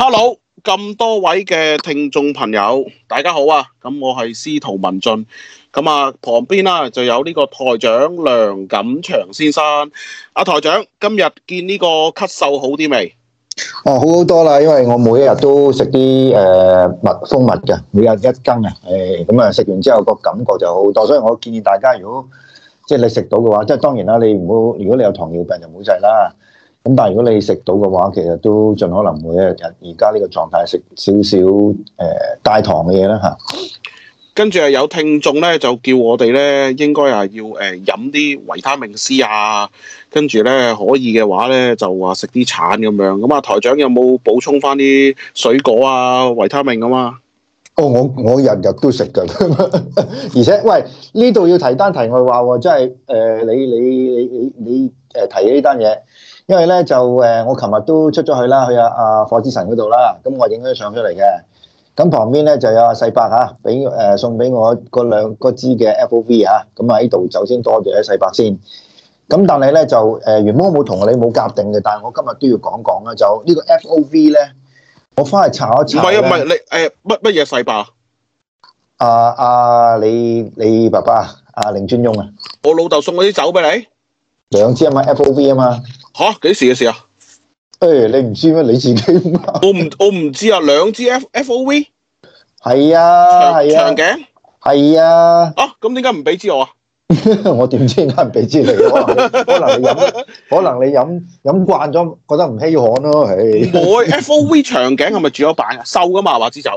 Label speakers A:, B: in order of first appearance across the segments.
A: Hello，咁多位嘅聽眾朋友，大家好啊！咁我係司徒文俊，咁啊旁邊啦就有呢個台長梁錦祥先生。阿、啊、台長，今日見呢個咳嗽好啲未？
B: 哦，好好多啦，因為我每一日都食啲誒蜜蜂蜜嘅，每日一羹啊，誒，咁啊食完之後個感覺就好多，所以我建議大家如果即係你食到嘅話，即係當然啦，你唔好如果你有糖尿病就唔好食啦。咁但係如果你食到嘅話，其實都盡可能每一日而家呢個狀態食少少誒帶糖嘅嘢啦嚇。
A: 跟住啊，有聽眾咧就叫我哋咧應該係要誒飲啲維他命 C 啊，跟住咧可以嘅話咧就話食啲橙咁樣。咁啊台長有冇補充翻啲水果啊維他命咁啊？
B: 哦，我我日日都食噶，而且喂呢度要提單題外話喎，即係誒你你你你你誒提呢單嘢。因為咧就誒，我琴日都出咗去啦，去阿阿火之神嗰度啦，咁我影咗張相出嚟嘅。咁旁邊咧就有阿細伯吓，俾誒送俾我個兩個支嘅 F O V 啊，咁啊喺度就先多謝阿細伯先。咁但係咧就誒原本冇同你冇夾定嘅，但係我今日都要講講啦，就呢個 F O V 咧，我翻去查咗。唔係啊，唔係
A: 你誒乜乜嘢細伯？
B: 阿阿你你爸爸啊，阿凌尊翁啊。
A: 我老豆送我啲酒俾你。兩支啊嘛，F O V 啊嘛。吓，幾時嘅事啊？
B: 誒、欸，你唔知咩？你自己？我唔
A: 我唔知啊，兩支
B: F F O V，係啊，長長頸，係啊。頂
A: 啊，咁點解唔俾支我啊？
B: 我點 知點解唔俾支你啊？可能飲，可能你飲飲慣咗，覺得唔稀罕咯、啊。誒，唔會
A: F O V 長頸係咪住咗板啊？瘦噶嘛，話之酒。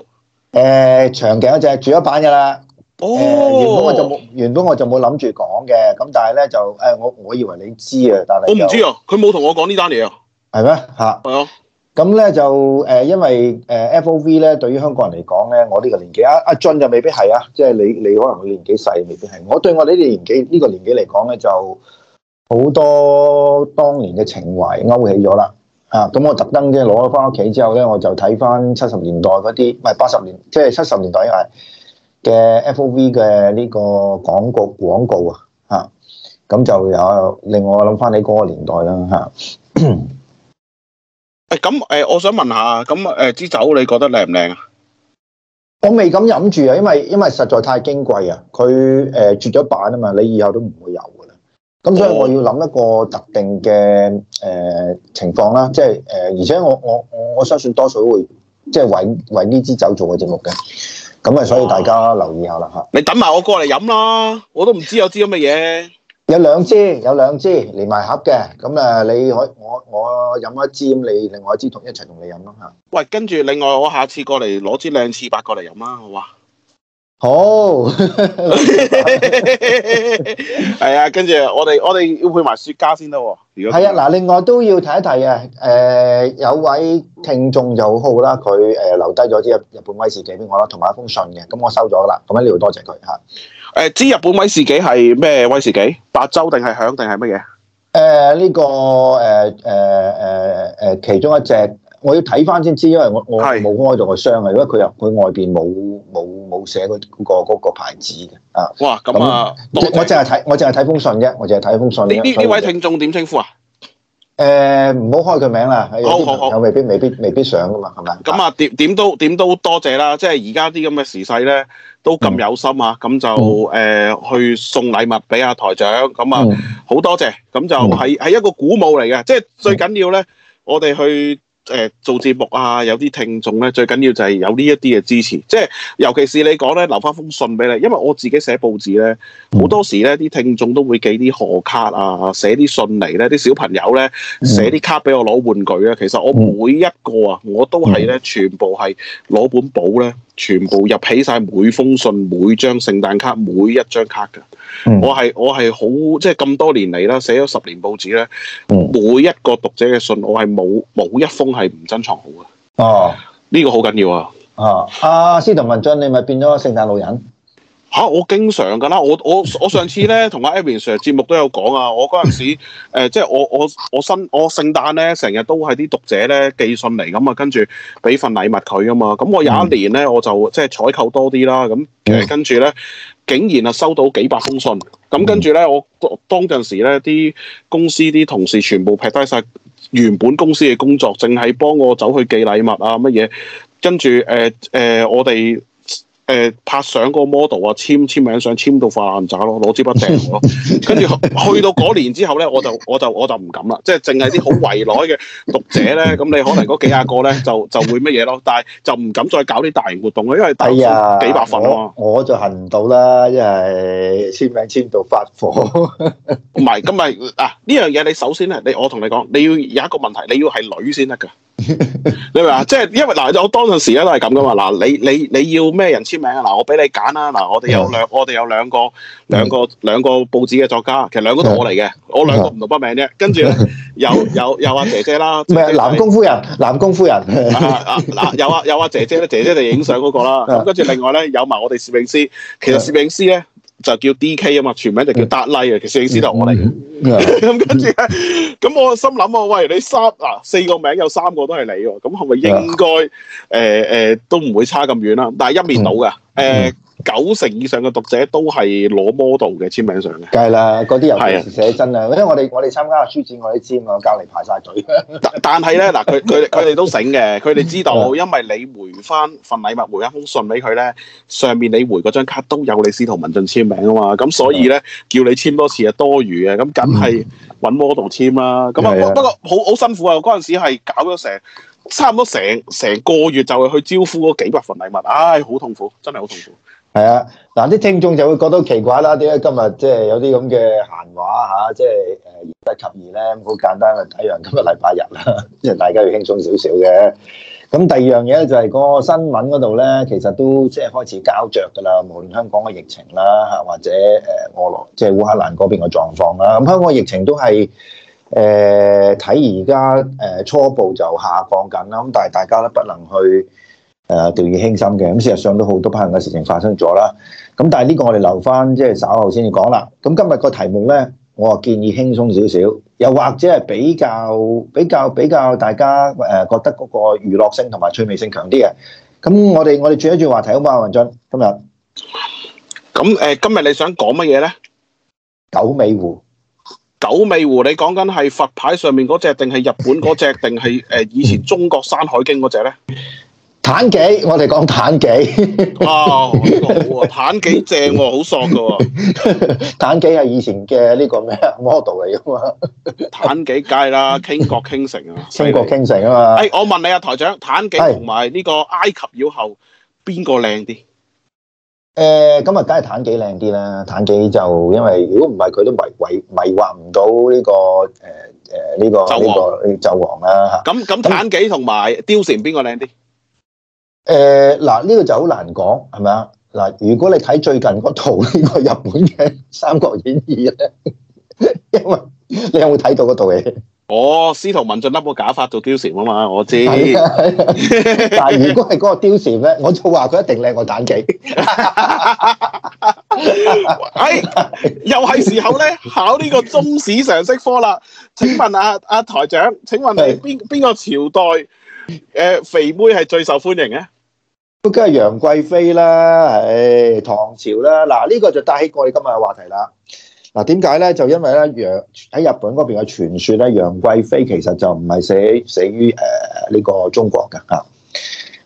B: 誒、呃，長頸嗰隻住咗板噶啦。哦原，原本我就冇，原本我就冇諗住講嘅，咁但係咧就，誒、呃、我我以為你知，知啊，但係我唔知
A: 啊，佢冇同我講呢單嘢啊，
B: 係咩、啊？吓、嗯，咁咧就，誒、呃、因為呢，誒 F O V 咧對於香港人嚟講咧，我呢個年紀啊，阿俊就未必係啊，即係你你可能會年紀細，未必係，我對我呢啲年紀呢、這個年紀嚟講咧就好多當年嘅情懷勾起咗啦，啊，咁我特登啫攞咗翻屋企之後咧，我就睇翻七十年代嗰啲，唔係八十年，即係七十年代係。嘅 F.O.V. 嘅呢個廣告廣告啊，嚇、啊、咁就有令我諗
A: 翻你嗰個年代啦嚇。咁、啊、誒、哎呃，我想問下，咁誒支酒你覺得靚唔靚啊？
B: 我未敢飲住啊，因為因為實在太矜貴啊。佢誒、呃、絕咗版啊嘛，你以後都唔會有噶啦。咁所以我要諗一個特定嘅誒、呃、情況啦，即係誒，而且我我我我相信多數會即係為為呢支酒做個節目嘅。咁啊，嗯、所以大家留意下啦吓。
A: 你等埋我過嚟飲啦，我都唔知有支咁嘅嘢。有兩支，有兩支連埋
B: 盒嘅。咁誒，你可我我
A: 飲一支，你另外一支同一齊同一你飲啦吓。喂，跟住另外我下次過嚟攞支靚次白過嚟飲啦，好啊。好，係、oh, 啊，跟住我哋我哋要配埋雪茄先得喎。如果係啊，嗱，
B: 另外都要提一提啊。誒、呃，有位聽眾就好啦，佢誒、呃、留低咗啲日本威士忌俾我啦，同埋一封信嘅，咁我收咗啦。咁喺呢度多謝佢
A: 吓。誒、呃，知日本威士忌係咩威士忌？白州定係響定係乜嘢？
B: 誒呢、呃這個誒誒誒誒其中一隻。我要睇翻先知，因為我我冇開咗個箱啊，因為佢入去外邊冇冇冇寫嗰嗰個牌子嘅啊。哇，咁啊，我我淨係睇我淨係睇封信啫，我淨係睇封信啫。你呢呢位聽
A: 眾點稱呼啊？
B: 誒，唔好開佢名啦，有未必未必未必上㗎嘛，係
A: 咪？咁啊，點點都點都多謝啦！即係而家啲咁嘅時勢咧，都咁有心啊，咁就誒去送禮物俾阿台長，咁啊好多謝，咁就係係一個鼓舞嚟嘅，即係最緊要咧，我哋去。誒、呃、做節目啊，有啲聽眾咧，最緊要就係有呢一啲嘅支持，即係尤其是你講咧，留翻封信俾你，因為我自己寫報紙咧，好多時咧啲聽眾都會寄啲賀卡啊，寫啲信嚟咧，啲小朋友咧寫啲卡俾我攞玩具啊，其實我每一個啊，我都係咧，全部係攞本簿咧。全部入起晒，每封信、每張聖誕卡、每一張卡嘅、嗯。我係我係好即係咁多年嚟啦，寫咗十年報紙咧，嗯、每一個讀者嘅信，我係冇冇一封係唔珍藏好嘅。哦，呢個好緊要啊！哦、
B: 啊，阿司徒文進，你咪變咗聖誕老人。
A: 嚇、啊！我經常噶啦，我我我上次咧同阿 Abby Sir 節目都有講啊，我嗰陣時、呃、即係我我我新我聖誕咧成日都係啲讀者咧寄信嚟咁啊，跟住俾份禮物佢啊嘛，咁我有一年咧我就即係採購多啲啦，咁、呃、誒跟住咧，竟然啊收到幾百封信，咁跟住咧我當陣時咧啲公司啲同事全部劈低晒原本公司嘅工作，淨係幫我走去寄禮物啊乜嘢，跟住誒誒我哋。誒拍相個 model 啊，簽簽名相簽到發爛渣咯，攞支筆訂咯，跟住 去到嗰年之後咧，我就我就我就唔敢啦，即係淨係啲好圍內嘅讀者咧，咁 你可能嗰幾廿個咧就就會乜嘢咯，但係就唔敢再搞啲大型活動，因為第幾百份喎、哎，
B: 我就行唔到啦，因為簽名簽到發火，
A: 唔係咁咪啊，呢樣嘢你首先咧，我你我同你講，你要有一個問題，你要係女先得㗎。你話即係因為嗱，我當陣時咧都係咁噶嘛。嗱，你你你要咩人簽名啊？嗱，我俾你揀啦。嗱、嗯，我哋有兩，我哋有兩個兩個兩個報紙嘅作家，其實兩個，我、嗯、我兩個同我嚟嘅，我兩個唔同筆名啫。跟住有有有、啊、阿姐姐啦，咩南宮
B: 夫人，南宮夫人
A: 嗱、 啊，有啊有阿、啊、姐姐咧，姐姐就影相嗰個啦。跟住 另外咧有埋我哋攝影師，其實攝影師咧。就叫 D.K. 啊嘛，全名就叫達拉啊，其實影視、嗯嗯嗯、 就我嚟嘅。咁跟住咧，咁我心諗啊，喂，你三嗱、啊、四個名有三個都係你喎，咁係咪應該誒誒、嗯呃呃、都唔會差咁遠啦，啊？但係一面倒噶誒。嗯嗯呃九成以上嘅讀者都係攞 model 嘅簽名相嘅，
B: 梗係啦，嗰啲尤其是寫真啊，因為我哋我哋參加個書展，我哋簽啊，隔離排曬隊。
A: 但但係咧，嗱佢佢佢哋都醒嘅，佢哋知道，因為你回翻份禮物，回一封信俾佢咧，上面你回嗰張卡都有你司徒文進簽名啊嘛，咁所以咧叫你簽多次啊多餘嘅，咁梗係揾 model 簽啦。咁啊不過好好辛苦啊，嗰陣時係搞咗成差唔多成成個月，就係去招呼嗰幾百份禮物，唉，好痛苦，真係好痛苦。係啊，嗱啲聽
B: 眾就會覺得奇怪啦，點解今日即係有啲咁嘅閒話嚇，即係誒應得及而咧？好簡單嘅，第一樣，今日禮拜日啦，即係大家要輕鬆少少嘅。咁第二樣嘢咧就係個新聞嗰度咧，其實都即係開始膠着噶啦，無論香港嘅疫情啦嚇，或者誒俄羅即係、就是、烏克蘭嗰邊嘅狀況啦。咁香港疫情都係誒睇而家誒初步就下降緊啦。咁但係大家都不能去。誒，掉以輕心嘅，咁事實上都好多不幸嘅事情發生咗啦。咁但係呢個我哋留翻，即係稍後先至講啦。咁今日個題目呢，我話建議輕鬆少少，又或者係比較比較比較大家誒覺得嗰個娛樂性同埋趣味性強啲嘅。咁我哋我哋轉一轉話題好嘛，文進，今日。
A: 咁誒，今日你想講乜嘢呢？九尾狐。九尾狐，你講緊係佛牌上面嗰隻，定係日本嗰隻，定係誒以前中國山海經嗰隻呢？
B: 妲己，我哋講妲己
A: 哦，妲己正，
B: 好索噶。妲己係以前嘅呢個咩 model 嚟噶
A: 嘛？妲己梗係啦，《傾國傾城》啊，
B: 《傾國傾城》啊嘛。哎，
A: 我問你啊，台長，妲己同埋呢個埃及妖后邊個靚啲？
B: 誒，今日梗係妲己靚啲啦。妲己就因為如果唔係，佢都迷迷迷惑唔到呢個誒
A: 誒呢個呢個呢個紂王啦吓。咁咁妲己同埋貂蟬邊個靚啲？
B: 誒，嗱呢、呃這個就好難講，係咪啊？嗱、呃，如果你睇最近套、這個套呢個日本嘅《三國演義》咧，因為你有冇睇到
A: 嗰套嘢？哦，司徒文進笠個假髮做貂蟬啊嘛，我知。
B: 但係如果係嗰個貂蟬咧，我就話佢一定靚過妲己。
A: 又係時候咧考呢個中史常識科啦。請問阿、啊、阿、啊、台長，請問你邊邊個朝代誒、呃、肥妹係最受歡迎嘅？
B: 都梗係楊貴妃啦，唉、哎，唐朝啦，嗱呢個就帶起我哋今日嘅話題啦。嗱，點解咧？就因為咧，楊喺日本嗰邊嘅傳說咧，楊貴妃其實就唔係死死於誒呢個中國嘅吓，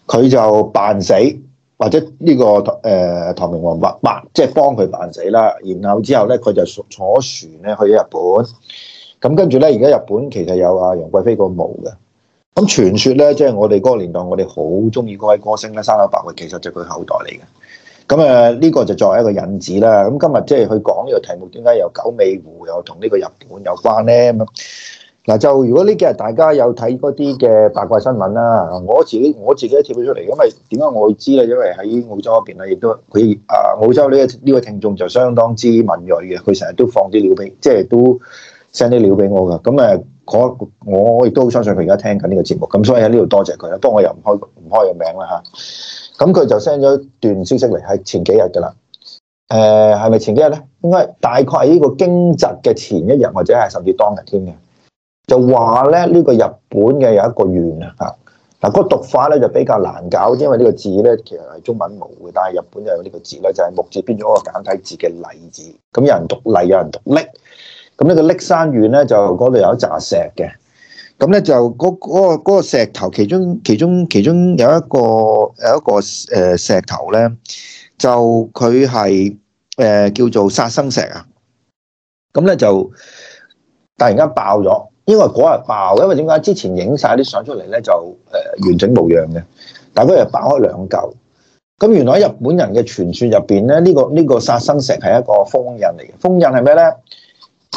B: 佢就扮死或者呢個誒、呃、唐明皇密辦，即係幫佢扮死啦。然後之後咧，佢就坐船咧去咗日本。咁跟住咧，而家日本其實有阿楊貴妃個墓嘅。咁傳說咧，即係我哋嗰個年代，我哋好中意嗰位歌星咧，山口百惠，其實就佢後代嚟嘅。咁誒，呢個就作為一個引子啦。咁今日即係去講呢個題目，點解有九尾狐又同呢個日本有關咧？嗱，就如果呢幾日大家有睇嗰啲嘅八卦新聞啦，我自己我自己都貼咗出嚟，因為點解我會知咧？因為喺澳洲嗰邊咧，亦都佢啊澳洲呢呢個聽眾就相當之敏鋭嘅，佢成日都放啲料俾，即係都。send 啲料俾我㗎，咁誒，我我亦都好相信佢而家聽緊呢個節目，咁所以喺呢度多謝佢啦，不過我又唔開唔開個名啦嚇。咁佢就 send 咗段消息嚟，係前幾日㗎啦。誒係咪前幾日咧？應該大概係呢個驚蟄嘅前一日，或者係甚至當日添嘅，就話咧呢、呢個日本嘅有一個縣啊嚇。嗱、個讀法咧就比較難搞，因為呢個字咧其實係中文冇嘅，但係日本就有呢個字咧，就係、是、木字變咗個簡體字嘅例字。咁有人讀例，有人讀力。咁呢個笠山縣咧，就嗰度有一扎石嘅。咁咧就嗰嗰個嗰個石頭，其中其中其中有一個有一個誒石頭咧，就佢係誒叫做殺生石啊。咁咧就突然間爆咗，因為嗰日爆，因為點解之前影曬啲相出嚟咧就誒完整無恙嘅，但嗰日爆開兩嚿。咁原來喺日本人嘅傳説入邊咧，呢個呢個殺生石係一個封印嚟嘅，封印係咩咧？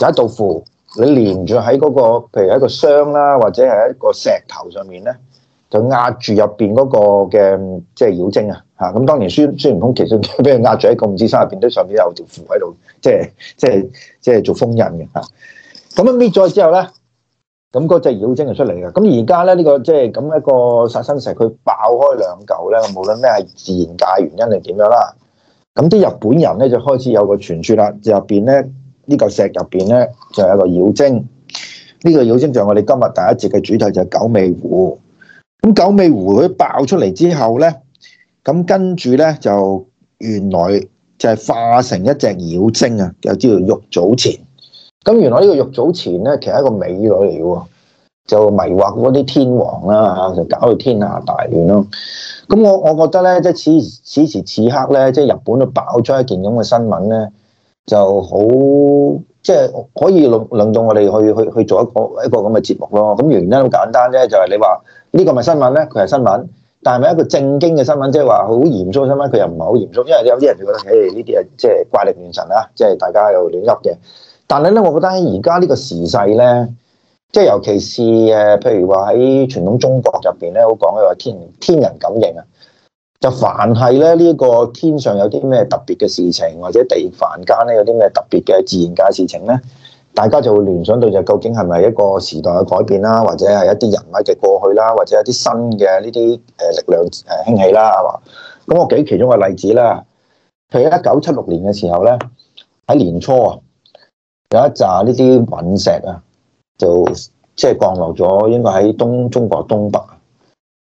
B: 有一道符，你連住喺嗰個，譬如喺個箱啦，或者係一個石頭上面咧，就壓住入邊嗰個嘅，即係妖精啊嚇。咁當年孫孫悟空其實俾佢壓住喺個五指山入邊，都上面有條符喺度，即係即係即係做封印嘅嚇。咁樣搣咗之後咧，咁嗰隻妖精就出嚟啦。咁而家咧呢個即係咁一個殺生石，佢爆開兩嚿咧，無論咩係自然界原因定點樣啦。咁啲日本人咧就開始有個傳説啦，入邊咧。個呢嚿石入邊咧，就係、是、一個妖精。呢、這個妖精就係我哋今日第一節嘅主題就，就係九尾狐。咁九尾狐佢爆出嚟之後咧，咁跟住咧就原來就係化成一隻妖精啊，又叫做玉藻前。咁原來呢個玉藻前咧，其實係一個美女嚟嘅喎，就迷惑嗰啲天皇啦嚇，就搞到天下大亂咯。咁我我覺得咧，即係此此時此刻咧，即係日本都爆出一件咁嘅新聞咧。就好，即係可以令，令到我哋去去去做一個一個咁嘅節目咯。咁原因好簡單啫，就係你話呢個咪新聞咧，佢係新聞，但係咪一個正經嘅新聞？即係話好嚴肅嘅新聞，佢又唔係好嚴肅，因為有啲人就覺得，誒呢啲係，即係怪力亂神啦，即係大家又亂噏嘅。但係咧，我覺得喺而家呢個時勢咧，即係尤其是誒，譬如話喺傳統中國入邊咧，好講嘅話，天天人感應啊。就凡係咧，呢個天上有啲咩特別嘅事情，或者地凡間咧，有啲咩特別嘅自然界事情咧，大家就會聯想到就究竟係咪一個時代嘅改變啦，或者係一啲人物嘅過去啦，或者一啲新嘅呢啲，誒力量誒興起啦係嘛？咁我舉其中嘅例子啦，譬如一九七六年嘅時候咧，喺年初啊，有一紮呢啲隕石啊，就即係降落咗，應該喺東中國東北。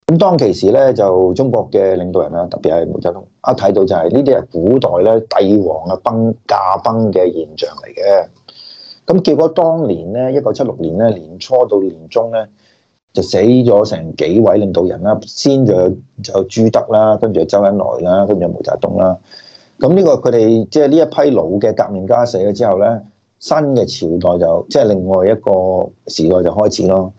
B: 咁當其時咧，就中國嘅領導人啦，特別係毛澤東，一睇到就係呢啲係古代咧帝王嘅崩駕崩嘅現象嚟嘅。咁結果當年咧，一九七六年咧，年初到年終咧，就死咗成幾位領導人啦，先就就朱德啦，跟住周恩來啦，跟住毛澤東啦。咁呢個佢哋即係呢一批老嘅革命家死咗之後咧，新嘅朝代就即係、就是、另外一個時代就開始咯。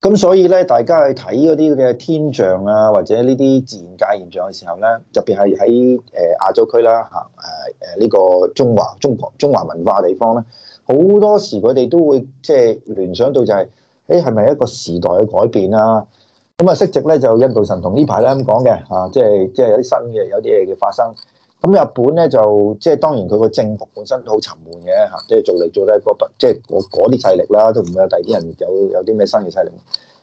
B: 咁所以咧，大家去睇嗰啲嘅天象啊，或者呢啲自然界現象嘅時候咧，特別係喺誒亞洲區啦，嚇誒誒呢個中華中國中華文化地方咧，好多時佢哋都會即係聯想到就係、是，誒係咪一個時代嘅改變啊？咁啊，色直咧就印度神童呢排咧咁講嘅嚇，即係即係有啲新嘅有啲嘢嘅發生。咁日本咧就即係當然佢個政局本身都好沉悶嘅嚇，即係做嚟做嚟嗰不即係啲勢力啦，都唔會有第二啲人有有啲咩新嘅勢力。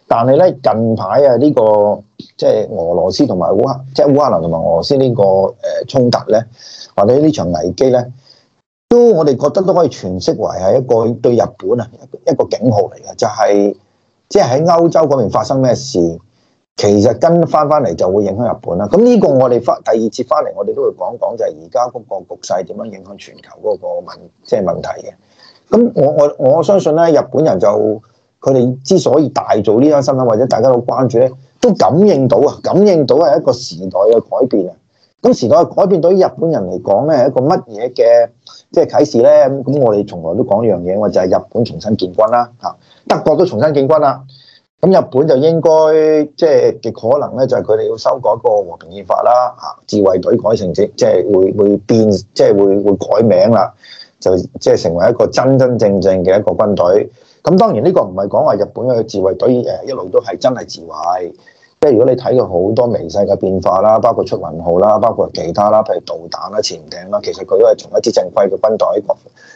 B: 但係咧近排啊呢個即係、就是、俄羅斯同埋烏即係烏克蘭同埋俄羅斯呢個誒衝突咧，或者呢場危機咧，都我哋覺得都可以詮釋為係一個對日本啊一個警號嚟嘅，就係即係喺歐洲嗰邊發生咩事。其實跟翻翻嚟就會影響日本啦。咁呢個我哋翻第二次翻嚟，我哋都會講講就係而家嗰個局勢點樣影響全球嗰個問即係問題嘅。咁我我我相信咧，日本人就佢哋之所以大做呢單新聞，或者大家都關注咧，都感應到啊，感應到係一個時代嘅改變啊。咁時代嘅改變對日本人嚟講咧，係一個乜嘢嘅即係啟示咧？咁我哋從來都講一樣嘢，我就係、是、日本重新建軍啦，吓德國都重新建軍啦。咁日本就應該即係極可能咧，就係佢哋要修改個和平憲法啦，吓自衛隊改成即係會會變，即係會會改名啦，就即係成為一個真真正正嘅一個軍隊。咁當然呢個唔係講話日本嘅自衛隊誒一路都係真係自衛，即係如果你睇佢好多微細嘅變化啦，包括出雲號啦，包括其他啦，譬如導彈啦、潛艇啦，其實佢都係同一支正規嘅軍隊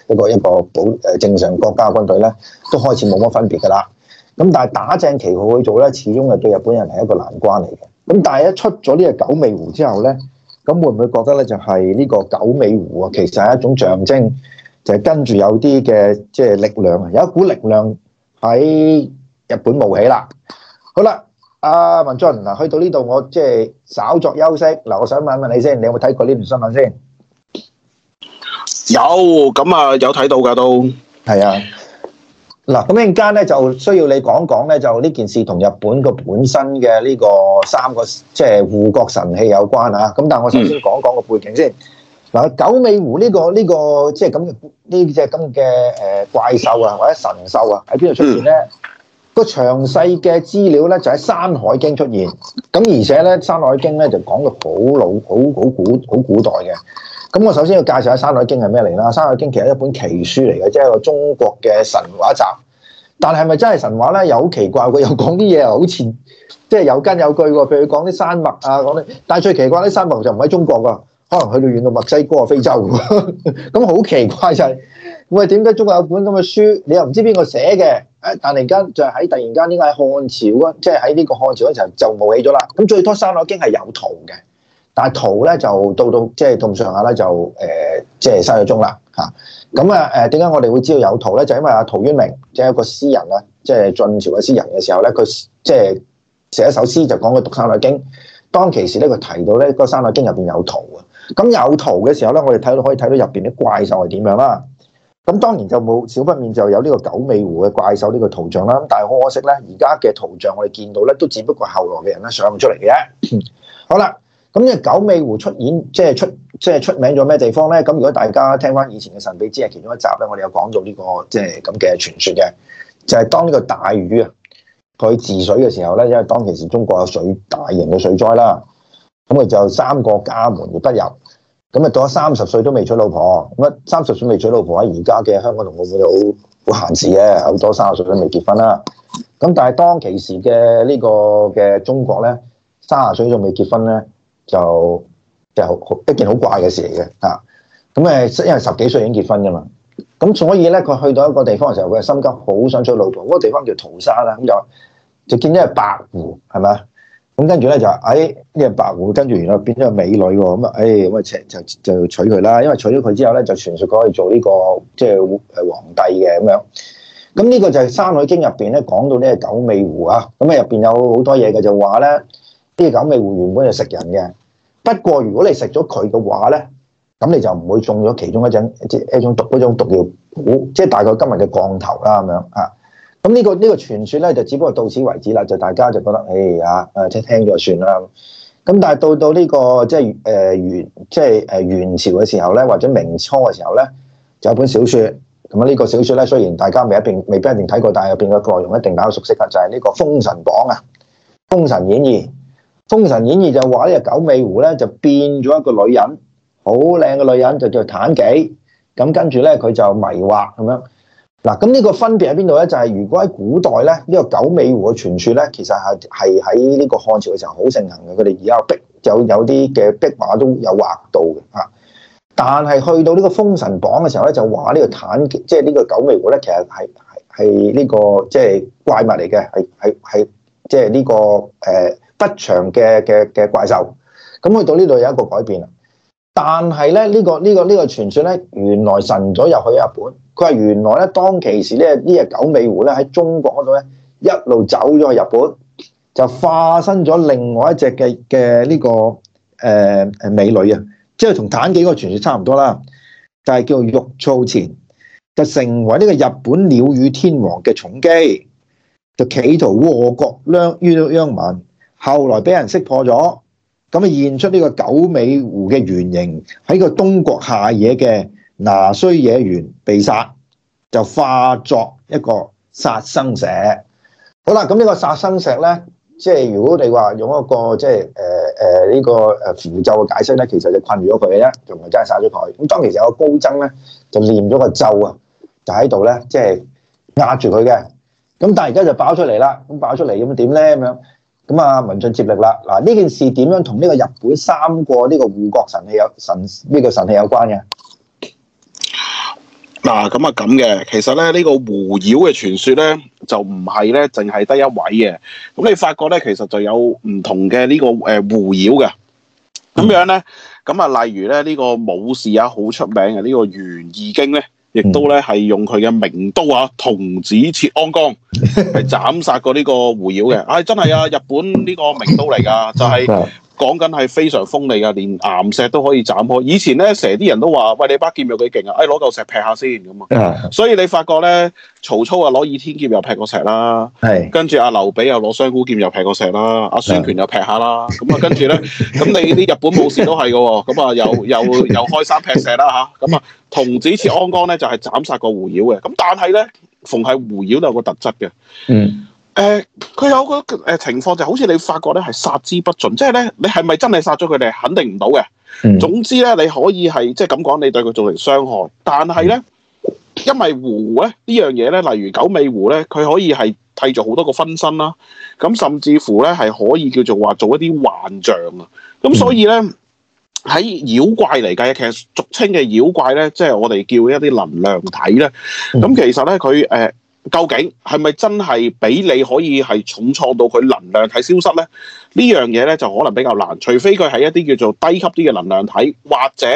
B: 一個一個，一個保誒正常國家軍隊咧，都開始冇乜分別噶啦。咁但係打正旗號去做咧，始終係對日本人係一個難關嚟嘅。咁但係一出咗呢個九尾狐之後咧，咁會唔會覺得咧就係呢個九尾狐啊，其實係一種象徵，就係跟住有啲嘅即係力量啊，有一股力量喺日本冒起啦。好啦，阿文進嗱，去到呢度我即係稍作休息嗱，我想問一問你先，你有冇睇過呢段新聞先？
A: 有，咁啊有睇到㗎都係啊。
B: 嗱，咁陣間咧就需要你講講咧，就呢件事同日本個本身嘅呢個三個即係、就是、護國神器有關啊。咁但係我首先講講個背景先。嗱、這個，九尾狐呢個呢個即係咁嘅呢隻咁嘅誒怪獸啊，或者神獸啊，喺邊度出現咧？個詳細嘅資料咧就喺《山海經》出現。咁而且咧，《山海經》呢咧就講到好老、好好古、好古代嘅。咁我首先要介紹下《山海經》係咩嚟啦，《山海經》其實一本奇書嚟嘅，即係一個中國嘅神話集。但係咪真係神話咧？又好奇怪，佢又講啲嘢又好似即係有根有據喎。譬如講啲山脈啊，講啲，但係最奇怪啲山脈就唔喺中國㗎，可能去到遠到墨西哥啊、非洲咁好 奇怪就係，喂，點解中國有本咁嘅書？你又唔知邊個寫嘅？誒，但係而家就係喺突然間呢個係漢朝啊，即係喺呢個漢朝嗰時就冒起咗啦。咁最多《山海經》係有圖嘅。但係圖咧就到、就是、到即係咁上下咧就誒即係三個鐘啦，嚇，咁啊，誒點解我哋會知道有圖咧？就是、因為阿陶淵明即係、就是、一個詩人啊，即、就、係、是、晉朝嘅詩人嘅時候咧，佢即係寫一首詩就講佢讀《山海經》，當其時咧佢提到咧個《山海經》入邊有圖，咁有圖嘅時候咧，我哋睇到可以睇到入邊啲怪獸係點樣啦。咁當然就冇少不免就有呢個九尾狐嘅怪獸呢個圖像啦。咁但係好可惜咧，而家嘅圖像我哋見到咧都只不過後來嘅人咧上唔出嚟嘅好啦。咁咧九尾狐出現，即係出即係出名咗咩地方咧？咁如果大家聽翻以前嘅《神秘之》係其中一集咧，我哋有講到呢個即係咁嘅傳說嘅，就係當呢個大禹啊，佢治水嘅時候咧，因為當其時中國有水大型嘅水災啦，咁佢就三個家門而不入。咁啊，到咗三十歲都未娶老婆，乜三十歲未娶老婆喺而家嘅香港同澳門好好閒事嘅，好多三十歲都未結婚啦。咁但係當其時嘅呢個嘅中國咧，三十歲仲未結婚咧。就即好一件好怪嘅事嚟嘅嚇，咁誒，因為十幾歲已經結婚噶嘛，咁所以咧佢去到一個地方嘅時候，佢心急好想娶老婆，嗰、那個地方叫桃山啦，咁就就見到係白狐，係咪？咁跟住咧就誒呢隻白狐，跟住、哎、原來變咗係美女喎，咁啊誒咁啊就、哎、就，就，就娶佢啦，因為娶咗佢之後咧，就傳説佢可以做呢、這個即係誒皇帝嘅咁樣，咁呢個就係、是《三女經》入邊咧講到呢個九尾狐啊，咁啊入邊有好多嘢嘅就話咧。啲九尾狐原本就食人嘅，不過如果你食咗佢嘅話咧，咁你就唔會中咗其中一種，即一種毒，嗰種毒叫蠱，即係大概今日嘅降頭啦咁樣啊。咁呢、呢個呢、呢個傳説咧就只不過到此為止啦，就大家就覺得誒啊，誒即係聽咗就算啦。咁但係到到呢、呢個即係誒元即係誒元朝嘅時候咧，或者明初嘅時候咧，就有本小説咁啊。呢個小説咧雖然大家未一定未必一定睇過，但係入邊嘅內容一定比較熟悉嘅，就係、係、呢個《封神榜》啊，《封神演義》。《封神演義》就話呢個九尾狐咧，就變咗一個女人，好靚嘅女人就叫妲己。咁跟住咧，佢就迷惑咁樣嗱。咁呢個分別喺邊度咧？就係、是，如果喺古代咧，呢、這個九尾狐嘅傳説，咧，其實係係喺呢個漢朝嘅時候好盛行嘅。佢哋而家壁有有啲嘅壁畫都有畫到嘅啊。但係去到呢個《封神榜》嘅時候咧，就話呢個妲即係呢個九尾狐咧，其實係係呢個即係、就是、怪物嚟嘅，係係係即係呢個誒。呃不祥嘅嘅嘅怪獸，咁去到呢度有一個改變啊！但係咧，呢、呢個呢、呢個呢、呢個傳說咧，原來神咗入去日本，佢係原來咧，當其時咧，呢隻九尾狐咧，喺中國嗰度咧，一路走咗去日本，就化身咗另外一隻嘅嘅呢個誒誒、呃、美女啊，即係同妲己個傳說差唔多啦，就係叫做玉藻前，就成為呢個日本鳥羽天皇嘅寵姬，就企圖禍國殃於殃民。後來俾人識破咗，咁啊現出呢個九尾狐嘅原型喺個東國下野嘅拿須野原被殺，就化作一個殺生石。好啦，咁呢個殺生石咧，即係如果你話用一個即係誒誒呢個誒符咒嘅解釋咧，其實就困住咗佢啦，仲係真係殺咗佢。咁當其時有個高僧咧，就念咗個咒啊，就喺度咧，即係壓住佢嘅。咁但係而家就爆出嚟啦，咁爆出嚟咁點咧？咁樣。咁啊，文進接力啦！嗱，呢件事點樣同呢個日本三個呢個護國神器有神？呢個神器有關嘅？
A: 嗱、啊，咁啊咁嘅，其實咧呢、這個狐妖嘅傳說咧就唔係咧，淨係得一位嘅。咁你發覺咧，其實就有唔同嘅呢、這個誒、呃、狐妖嘅。咁樣咧，咁啊、嗯，例如咧呢、這個武士啊，好出名嘅、這個、呢個源義經咧，亦都咧係、嗯、用佢嘅名刀啊，童子切安綱。係斬殺過呢個狐妖嘅，唉、哎，真係啊！日本呢個名刀嚟噶，就係講緊係非常鋒利噶，連岩石都可以斬開。以前咧，成啲人都話：喂，你把劍有幾勁啊？哎，攞嚿石劈下先咁啊！ 所以你發覺咧，曹操啊，攞倚天劍又劈過石啦，係 跟住阿劉備又攞雙股劍又劈過石啦，阿、啊、孫權又劈下啦，咁啊，跟住咧，咁你啲日本武士都係噶，咁啊，又又又，又開山劈石啦吓，咁啊，童、嗯、子切安江咧就係斬殺過狐妖嘅，咁但係咧。逢係狐妖都有個特質嘅，嗯、呃，誒佢有個誒情況就係，好似你發覺咧係殺之不盡，即係咧你係咪真係殺咗佢哋肯定唔到嘅。總之咧你可以係即係咁講，你對佢造成傷害，但係咧因為狐咧呢樣嘢咧，例如九尾狐咧，佢可以係替咗好多個分身啦，咁甚至乎咧係可以叫做話做一啲幻象啊，咁所以咧。嗯嗯喺妖怪嚟計，其實俗稱嘅妖怪咧，即係我哋叫一啲能量體咧。咁其實咧，佢誒、呃、究竟係咪真係俾你可以係重創到佢能量體消失咧？樣呢樣嘢咧就可能比較難，除非佢係一啲叫做低級啲嘅能量體，或者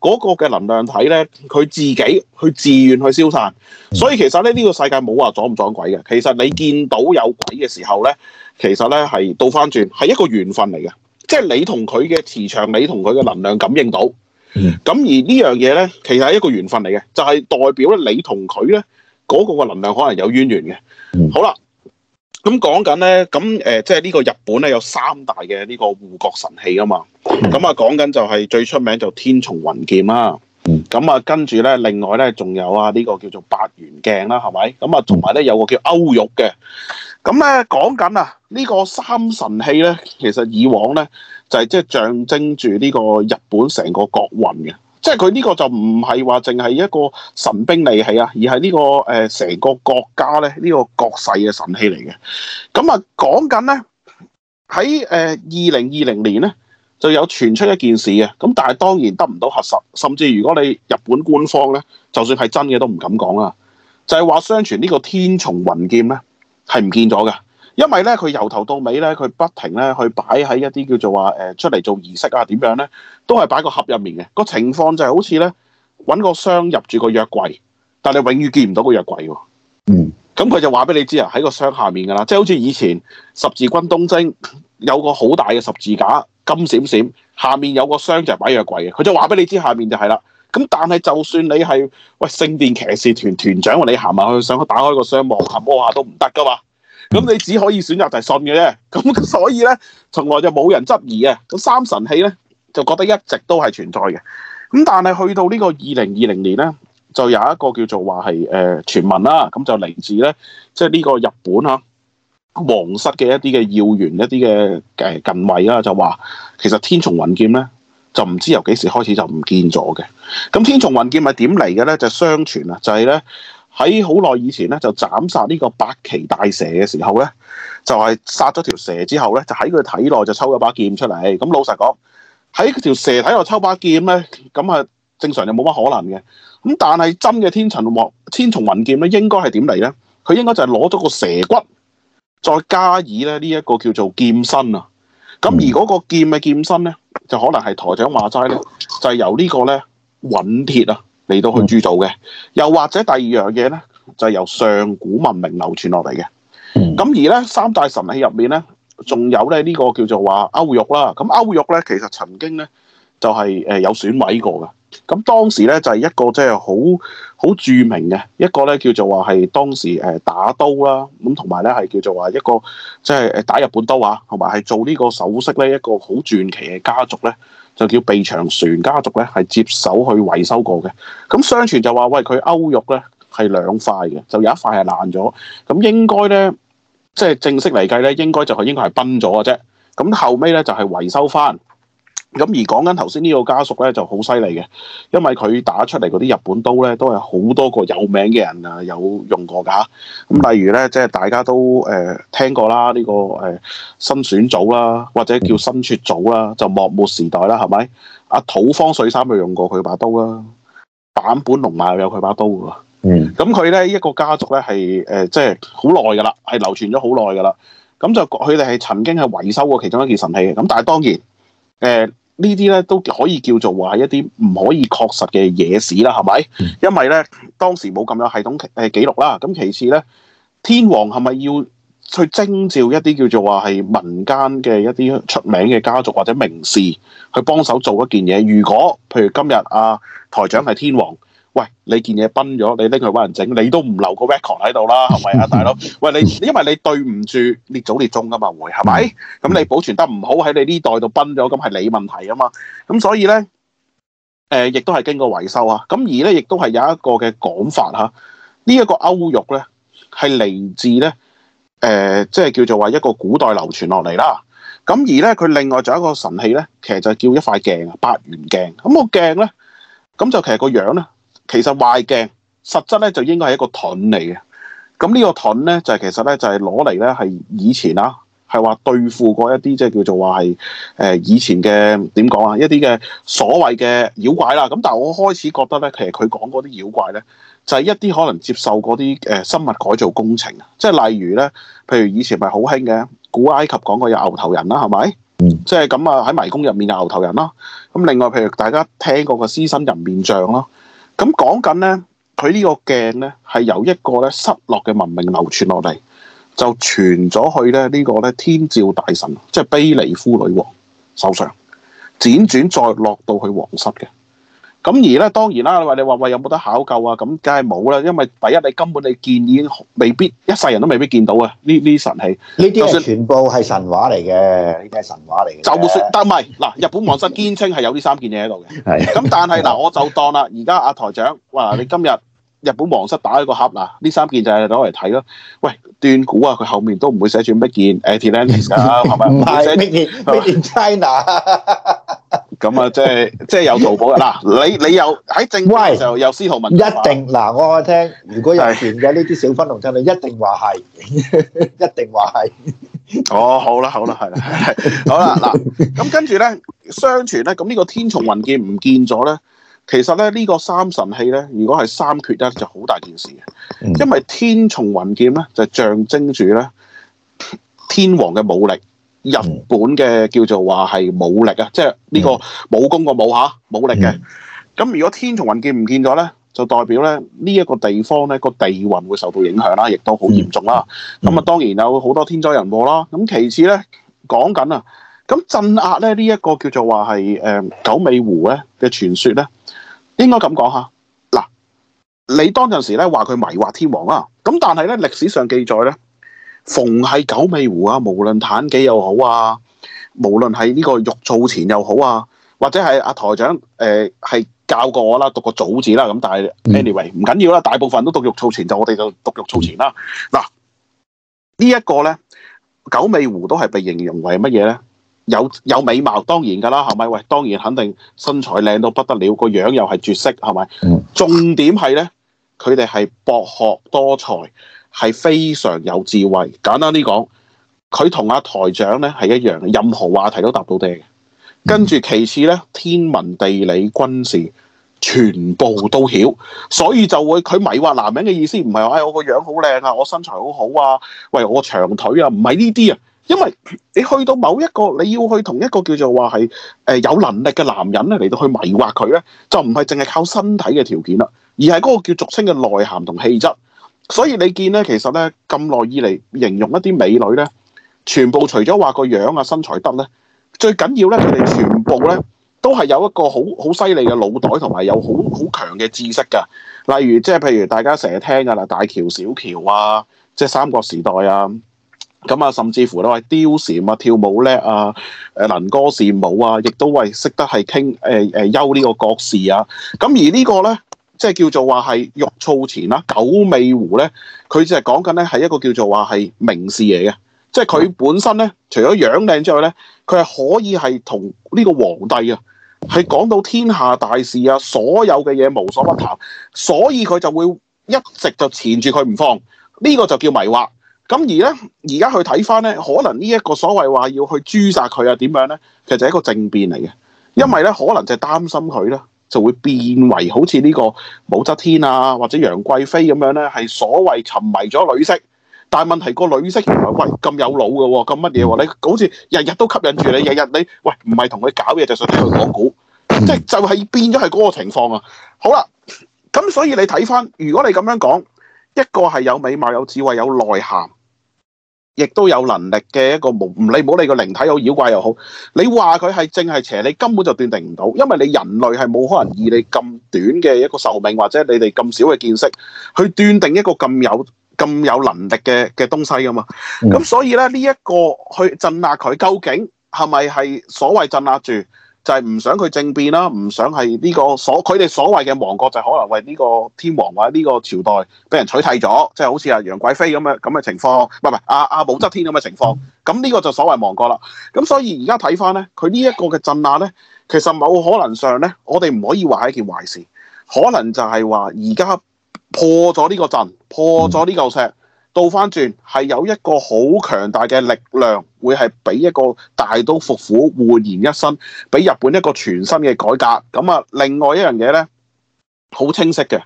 A: 嗰個嘅能量體咧，佢自己去自願去消散。所以其實咧，呢、這個世界冇話撞唔撞鬼嘅。其實你見到有鬼嘅時候咧，其實咧係倒翻轉，係一個緣分嚟嘅。即係你同佢嘅磁場，你同佢嘅能量感應到，咁而呢樣嘢咧，其實係一個緣分嚟嘅，就係、是、代表咧你同佢咧嗰個嘅能量可能有淵源嘅。好啦，咁講緊咧，咁誒、呃、即係呢個日本咧有三大嘅呢個護國神器啊嘛，咁啊講緊就係最出名就是、天蟲雲劍啦。啊。咁啊、嗯，跟住咧，另外咧，仲有啊，呢、這個叫做八元鏡啦，係咪？咁、嗯、啊，同埋咧，有個叫歐玉嘅。咁咧，講緊啊，呢個三神器咧，其實以往咧就係即係象徵住呢個日本成個國運嘅，即係佢呢個就唔係話淨係一個神兵利器啊，而係呢、這個誒成、呃、個國家咧呢、這個國勢嘅神器嚟嘅。咁、嗯、啊，講緊咧喺誒二零二零年咧。就有傳出一件事嘅，咁但係當然得唔到核實，甚至如果你日本官方咧，就算係真嘅都唔敢講啦。就係、是、話相傳呢個天叢雲劍咧係唔見咗嘅，因為咧佢由頭到尾咧佢不停咧去擺喺一啲叫做話誒、呃、出嚟做儀式啊點樣咧，都係擺個盒入面嘅。個情況就係好似咧搵個箱入住個約櫃，但你永遠見唔到個約櫃喎、哦。嗯，咁佢就話俾你知啊，喺個箱下面噶啦，即、就、係、是、好似以前十字軍東征。 有個好大嘅十字架，金閃閃，下面有個箱就係擺藥櫃嘅，佢就話俾你知下面就係啦。咁但係就算你係喂聖殿騎士團團長，你行埋去上去打開個箱望下摸下都唔得噶嘛。咁你只可以選擇就係信嘅啫。咁所以咧，從來就冇人質疑啊。咁三神器咧就覺得一直都係存在嘅。咁但係去到個呢個二零二零年咧，就有一個叫做話係誒傳聞啦、啊。咁就嚟自咧即係呢個日本嚇、啊。皇室嘅一啲嘅要員，一啲嘅誒近衛啦、啊，就話其實天叢雲劍咧，就唔知由幾時開始就唔見咗嘅。咁天叢雲劍係點嚟嘅咧？就相傳啊，就係咧喺好耐以前咧，就斬殺呢個八岐大蛇嘅時候咧，就係殺咗條蛇之後咧，就喺佢體內就抽咗把劍出嚟。咁、嗯、老實講，喺條蛇體內抽把劍咧，咁啊正常就冇乜可能嘅。咁、嗯、但係真嘅天叢雲天叢雲劍咧，應該係點嚟咧？佢應該就係攞咗個蛇骨。再加以咧呢一個叫做劍身啊，咁而嗰個劍嘅劍身咧，就可能係台長話齋咧，就係、由個呢個咧隕鐵啊嚟到去鑄造嘅，又或者第二樣嘢咧就係、由上古文明流傳落嚟嘅，咁而咧三大神器入面咧，仲有咧呢個叫做話歐玉啦，咁歐玉咧其實曾經咧。就係誒有損毀過嘅，咁當時咧就係、是、一個即係好好著名嘅一個咧，叫做話係當時誒打刀啦，咁同埋咧係叫做話一個即係誒打日本刀啊，同埋係做呢個首飾咧一個好傳奇嘅家族咧，就叫備長船家族咧，係接手去維修過嘅。咁相傳就話喂，佢鈎玉咧係兩塊嘅，就有一塊係爛咗，咁應該咧即係正式嚟計咧，應該就係應該係崩咗嘅啫。咁後尾咧就係、是、維修返。咁而講緊頭先呢個家屬咧就好犀利嘅，因為佢打出嚟嗰啲日本刀咧都係好多個有名嘅人啊有用過㗎，咁、啊、例如咧即係大家都誒、呃、聽過啦，呢、這個誒、呃、新選組啦，或者叫新出組啦，就幕末，末時代啦，係咪啊土方歲三就用過佢把刀啦，坂本龍馬有佢把刀㗎，嗯，咁佢咧一個家族咧係誒即係好耐㗎啦，係流傳咗好耐㗎啦，咁就佢哋係曾經係維修過其中一件神器嘅，咁但係當然誒。呃呢啲咧都可以叫做話係一啲唔可以確實嘅野史啦，係咪？因為咧當時冇咁樣系統誒記錄啦。咁其次咧，天皇係咪要去征召一啲叫做話係民間嘅一啲出名嘅家族或者名士去幫手做一件嘢？如果，譬如今日啊，台長係天皇。喂，你件嘢崩咗，你拎佢揾人整，你都唔留個 record 喺度啦，係咪啊，大佬？喂，你因為你對唔住列祖列宗啊嘛，會係咪？咁你保存得唔好喺你呢代度崩咗，咁係你問題啊嘛。咁所以咧，誒、呃，亦都係經過維修啊。咁而咧，亦都係有一個嘅講法嚇。啊這個、歐呢一個歐玉咧，係嚟自咧，誒、呃，即係叫做話一個古代流傳落嚟啦。咁、啊、而咧，佢另外仲有一個神器咧，其實就叫一塊鏡啊，八元鏡。咁、啊那個鏡咧，咁就其實，其實個樣咧。其實壞鏡實質咧就應該係一個盾嚟嘅，咁呢個盾咧就係其實咧就係攞嚟咧係以前啦，係話對付過一啲即係叫做話係誒以前嘅點講啊，一啲嘅所謂嘅妖怪啦。咁但係我開始覺得咧，其實佢講嗰啲妖怪咧就係一啲可能接受過啲誒生物改造工程啊，即係例如咧，譬如以前咪好興嘅古埃及講過有牛頭人啦，係咪？嗯，即係咁啊喺迷宮入面有牛頭人啦。咁另外，譬如大家聽過個獅身人面像咯。咁講緊咧，佢呢個鏡咧係由一個咧失落嘅文明流傳落嚟，就傳咗去咧呢個咧天照大神，即係卑彌呼女王手上，輾轉再落到去皇室嘅。咁而咧，當然啦，你話你話喂，有冇得考究啊？咁梗係冇啦，因為第一你根本你見已經未必一世人都未必見到啊！呢呢啲神器，呢啲算
B: 全部係神話嚟嘅，呢啲係神
A: 話嚟嘅。就但唔係嗱，日本皇室堅稱係有呢三件嘢喺度嘅。係。 咁但係嗱，我就當啦，而家阿台長話你今日日本皇室打開個盒嗱，呢三件就係攞嚟睇咯。喂，斷估啊，佢後面都唔會寫住乜件，誒 Atlantis 咪 是？唔係乜嘢，China。咁啊， 即係即係有淘寶嘅嗱，你你又喂有喺正府就有絲毫文。一定
B: 嗱，我聽，如果有權嘅呢啲小分紅，聽你一定話係，
A: 一定話係。哦，好啦，好啦，係啦，係，好啦嗱。咁跟住咧，相傳咧，咁、這、呢個天叢雲劍唔見咗咧，其實咧呢、這個三神器咧，如果係三缺一，就好大件事嘅，因為天叢雲劍咧就是、象徵住咧天皇嘅武力。日本嘅叫做話係武力啊，嗯、即係呢個武功個武嚇武力嘅。咁、嗯、如果天叢雲見唔見咗咧，就代表咧呢一個地方咧個地運會受到影響啦，亦都好嚴重啦。咁啊、嗯嗯、當然有好多天災人禍啦。咁其次咧講緊啊，咁鎮壓咧呢一個叫做話係誒九尾狐咧嘅傳說咧，應該咁講嚇嗱。你當陣時咧話佢迷惑天皇啊，咁但係咧歷史上記載咧。逢係九尾狐啊，無論妲己又好啊，無論係呢個玉藻前又好啊，或者係阿、啊、台長誒係、呃、教過我啦，讀個組字啦咁，但 Any way, 係 anyway 唔緊要啦，大部分都讀玉藻前，就我哋就讀玉藻前啦。嗱，這個、呢一個咧，九尾狐都係被形容為乜嘢咧？有有美貌當然噶啦，係咪？喂，當然肯定身材靚到不得了，個樣又係絕色，係咪？重點係咧，佢哋係博學多才。係非常有智慧，簡單啲講，佢同阿台長咧係一樣，任何話題都答到嗲。跟住其次咧，天文地理軍事全部都曉，所以就會佢迷惑男人嘅意思，唔係話誒我個樣好靚啊，我身材好好啊，喂我長腿啊，唔係呢啲啊。因為你去到某一個，你要去同一個叫做話係誒有能力嘅男人咧嚟到去迷惑佢咧，就唔係淨係靠身體嘅條件啦，而係嗰個叫俗稱嘅內涵同氣質。所以你見咧，其實咧咁耐以嚟形容一啲美女咧，全部除咗話個樣啊、身材得咧，最緊要咧佢哋全部咧都係有一個好好犀利嘅腦袋，同埋有好好強嘅知識㗎。例如即係、就是、譬如大家成日聽嘅啦，大喬、小喬啊，即係《三國時代》啊，咁啊，甚至乎都係貂蟬啊、跳舞叻啊、誒能歌善舞啊，亦都係識得係傾誒誒優呢個國事啊。咁而個呢個咧。即係叫做話係玉藻前啦，九尾狐咧，佢就係講緊咧係一個叫做話係名士嚟嘅，即係佢本身咧除咗樣靚之外咧，佢係可以係同呢個皇帝啊，係講到天下大事啊，所有嘅嘢無所不談，所以佢就會一直就纏住佢唔放，呢個就叫迷惑。咁而咧而家去睇翻咧，可能呢一個所謂話要去誅殺佢啊點樣咧，其實就係一個政變嚟嘅，因為咧可能就係擔心佢啦。就會變為好似呢、這個武則天啊，或者楊貴妃咁樣咧，係所謂沉迷咗女色。但係問題個女色原來喂咁有腦嘅喎、啊，咁乜嘢喎？你好似日日都吸引住你，日日你喂唔係同佢搞嘢，就上啲去講股，即係就係變咗係嗰個情況啊！好啦，咁所以你睇翻，如果你咁樣講，一個係有美貌、有智慧、有內涵。亦都有能力嘅一個模，唔理冇理個靈體又好，妖怪又好，你話佢係正係邪，你根本就斷定唔到，因為你人類係冇可能以你咁短嘅一個壽命，或者你哋咁少嘅見識，去斷定一個咁有咁有能力嘅嘅東西㗎嘛。咁、嗯、所以咧，呢、這、一個去鎮壓佢，究竟係咪係所謂鎮壓住？就係唔想佢政變啦，唔想係呢個所佢哋所謂嘅亡國就可能為呢個天皇或者呢個朝代俾人取締咗，即係好似啊楊貴妃咁嘅咁嘅情況，唔係唔係啊啊武則天咁嘅情況，咁呢個就所謂亡國啦。咁所以而家睇翻咧，佢呢一個嘅鎮壓咧，其實冇可能上咧，我哋唔可以話係一件壞事，可能就係話而家破咗呢個鎮，破咗呢嚿石。倒翻轉係有一個好強大嘅力量，會係俾一個大刀闊斧煥然一新，俾日本一個全新嘅改革。咁啊，另外一樣嘢咧，好清晰嘅。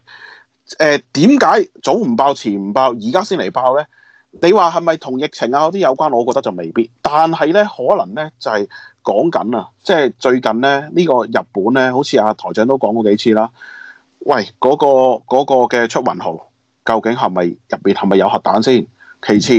A: 誒點解早唔爆、遲唔爆，而家先嚟爆咧？你話係咪同疫情啊嗰啲有關？我覺得就未必。但係咧，可能咧就係講緊啊，即係最近咧呢個日本咧，好似阿台長都講過幾次啦。喂，嗰個嗰個嘅出雲號。究竟係咪入面係咪有核彈先？其次，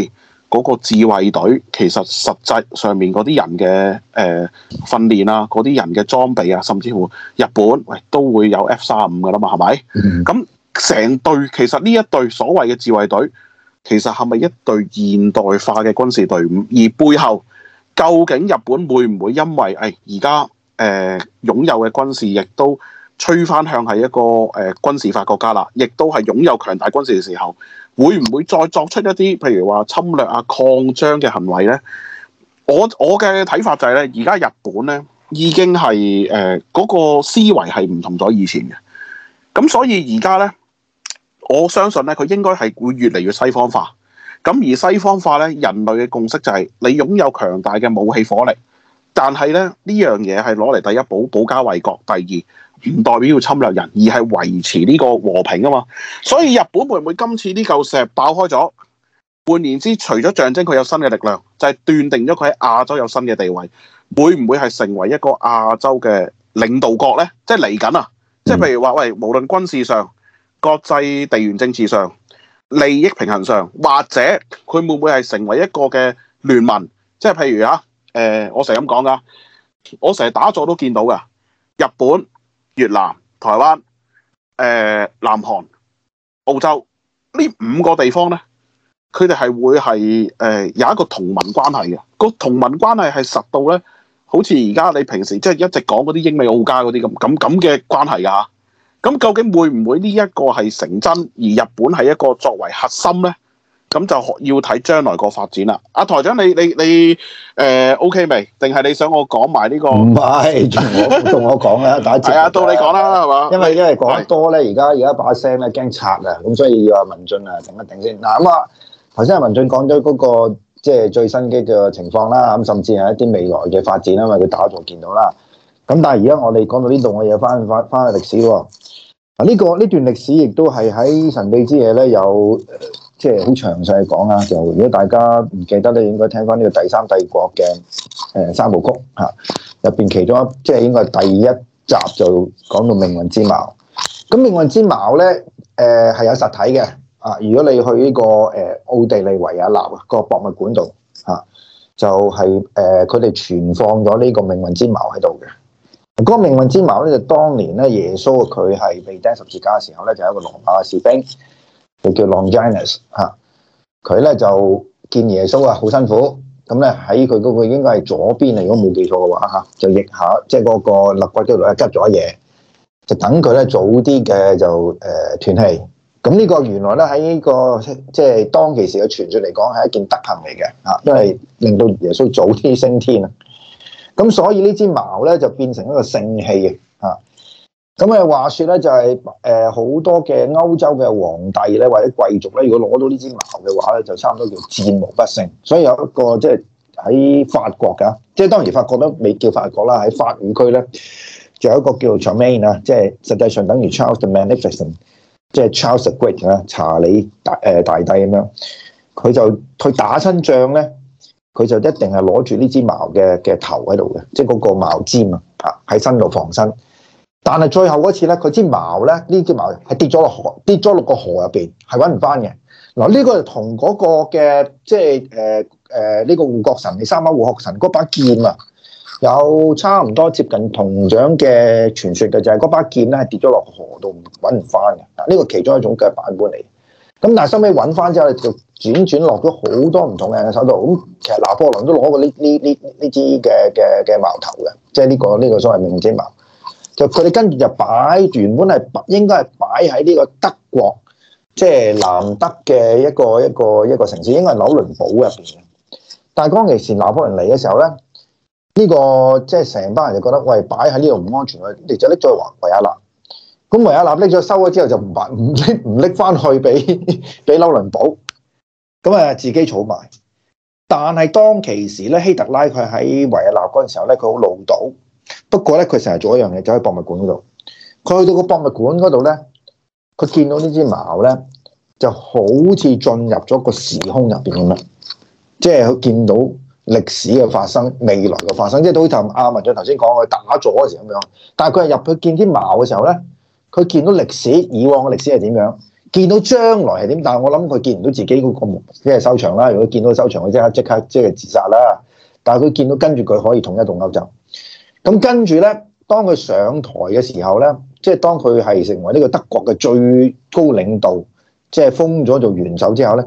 A: 嗰、嗰個自衛隊其實實際上面嗰啲人嘅誒、呃、訓練啊、嗰啲人嘅裝備啊，甚至乎日本喂都會有 F 三五嘅啦嘛，係咪？咁成、嗯、隊其實呢一隊所謂嘅自衛隊，其實係咪一隊現代化嘅軍事隊伍？而背後究竟日本會唔會因為誒而家誒擁有嘅軍事亦都？吹翻向係一個誒、呃、軍事化國家啦，亦都係擁有強大軍事嘅時候，會唔會再作出一啲譬如話侵略啊、擴張嘅行為呢？我我嘅睇法就係、是、咧，而家日本咧已經係誒嗰個思維係唔同咗以前嘅，咁所以而家呢，我相信呢，佢應該係會越嚟越西方化。咁而西方化呢，人類嘅共識就係、是、你擁有強大嘅武器火力，但係呢，呢樣嘢係攞嚟第一保保家衞國，第二。唔代表要侵略人，而係維持呢個和平啊嘛。所以日本會唔會今次呢嚿石爆開咗，換言之，除咗象徵佢有新嘅力量，就係、是、斷定咗佢喺亞洲有新嘅地位，會唔會係成為一個亞洲嘅領導國咧？即係嚟緊啊，即係譬如話，喂，無論軍事上、國際地緣政治上、利益平衡上，或者佢會唔會係成為一個嘅聯盟？即係譬如啊，誒、呃，我成日咁講噶，我成日打坐都見到噶日本。越南、台灣、誒、呃、南韓、澳洲呢五個地方呢，佢哋係會係誒、呃、有一個同盟關係嘅。個同盟關係係實到呢，好似而家你平時即係一直講嗰啲英美澳加嗰啲咁咁咁嘅關係噶。咁、啊、究竟會唔會呢一個係成真，而日本係一個作為核心呢？咁就要睇將來個發展啦。阿、啊、台長，你你你誒、呃、，OK 未？定係你想我講埋呢個？唔係，
B: 同我講 啊，打字。係為啊，到你講啦，係嘛？因為因為講得多咧，而家而家把聲咧驚拆啊，咁所以要阿文進啊定一定先。嗱咁啊，頭先阿文進講咗嗰個即係最新嘅情況啦，咁甚至係一啲未來嘅發展啦，因為佢打咗見到啦。咁但係而家我哋講到呢度，我又翻翻翻去歷史喎。呢個呢段歷史亦都係喺神秘之夜咧有。即係好詳細講啊！就如果大家唔記得你應該聽翻呢個《第三帝國》嘅誒三部曲嚇，入邊其中一即係應該第一集就講到命運之矛。咁命運之矛咧誒係有實體嘅啊！如果你去呢個誒奧地利維也納個博物館度嚇，就係誒佢哋存放咗呢個命運之矛喺度嘅。嗰個命運之矛咧，就當年咧，耶穌佢係被釘十字架嘅時候咧就係一個羅馬士兵。佢叫 Longinus 佢咧就見耶穌啊，好辛苦，咁咧喺佢嗰個應該係左邊啊，如果冇記錯嘅話嚇，就逆下，即係嗰個肋骨度拮咗嘢，就等佢咧早啲嘅就誒、呃、斷氣。咁呢個原來咧喺呢、這個即係、就是、當其時嘅傳説嚟講係一件德行嚟嘅嚇，因為令到耶穌早啲升天啊。咁所以呢支矛咧就變成一個聖器啊。咁啊，話説咧就係誒好多嘅歐洲嘅皇帝咧，或者貴族咧，如果攞到呢支矛嘅話咧，就差唔多叫戰無不勝。所以有一個即係喺法國㗎，即係當然法國都未叫法國啦，喺法語區咧，仲有一個叫做 Charlemagne 啊，即係實際上等於 Charles the Magnificent，即係 Charles the Great 啊，查理大誒大帝咁樣，佢就佢打親仗咧，佢就一定係攞住呢支矛嘅嘅頭喺度嘅，即係嗰個矛尖啊，喺身度防身。但係最後嗰次咧，佢支矛咧呢支矛係跌咗落河，跌咗落個河入邊係揾唔翻嘅。嗱，呢、呃這個同嗰個嘅即係誒誒呢個護國神，你三把護國神嗰把劍啊，有差唔多接近同樣嘅傳說嘅，就係、是、嗰把劍咧係跌咗落河度揾唔翻嘅。嗱，呢、這個其中一種嘅版本嚟。咁但係收尾揾翻之後，就輾轉落咗好多唔同嘅人嘅手度。咁其實拿破崙都攞過呢呢呢呢支嘅嘅矛頭嘅，即係呢、這個呢、這個這個所謂命運之矛。佢哋跟住就擺原本係應該係擺喺呢個德國，即係南德嘅一個一個一個城市，應該係紐倫堡入邊。但係當其時拿破崙嚟嘅時候咧，呢個即係成班人就覺得喂，擺喺呢度唔安全，我你就拎咗去維也納。咁維也納拎咗收咗之後就唔擺，唔拎唔拎翻去俾俾 紐倫堡。咁啊自己儲埋。但係當其時咧，希特拉佢喺維也納嗰陣時候咧，佢好老到。不過咧，佢成日做一樣嘢，就喺博物館嗰度。佢去到個博物館嗰度咧，佢見到呢支矛咧，就好似進入咗個時空入邊咁樣，即係佢見到歷史嘅發生、未來嘅發生，即係好似阿文進頭先講佢打咗嘅時候咁樣。但係佢係入去見啲矛嘅時候咧，佢見到歷史以往嘅歷史係點樣，見到將來係點。但係我諗佢見唔到自己嗰個即係收場啦。如果見到收場，佢即刻即刻即係自殺啦。但係佢見到跟住佢可以統一到歐洲。咁跟住咧，當佢上台嘅時候咧，即係當佢係成為呢個德國嘅最高領導，即係封咗做元首之後咧，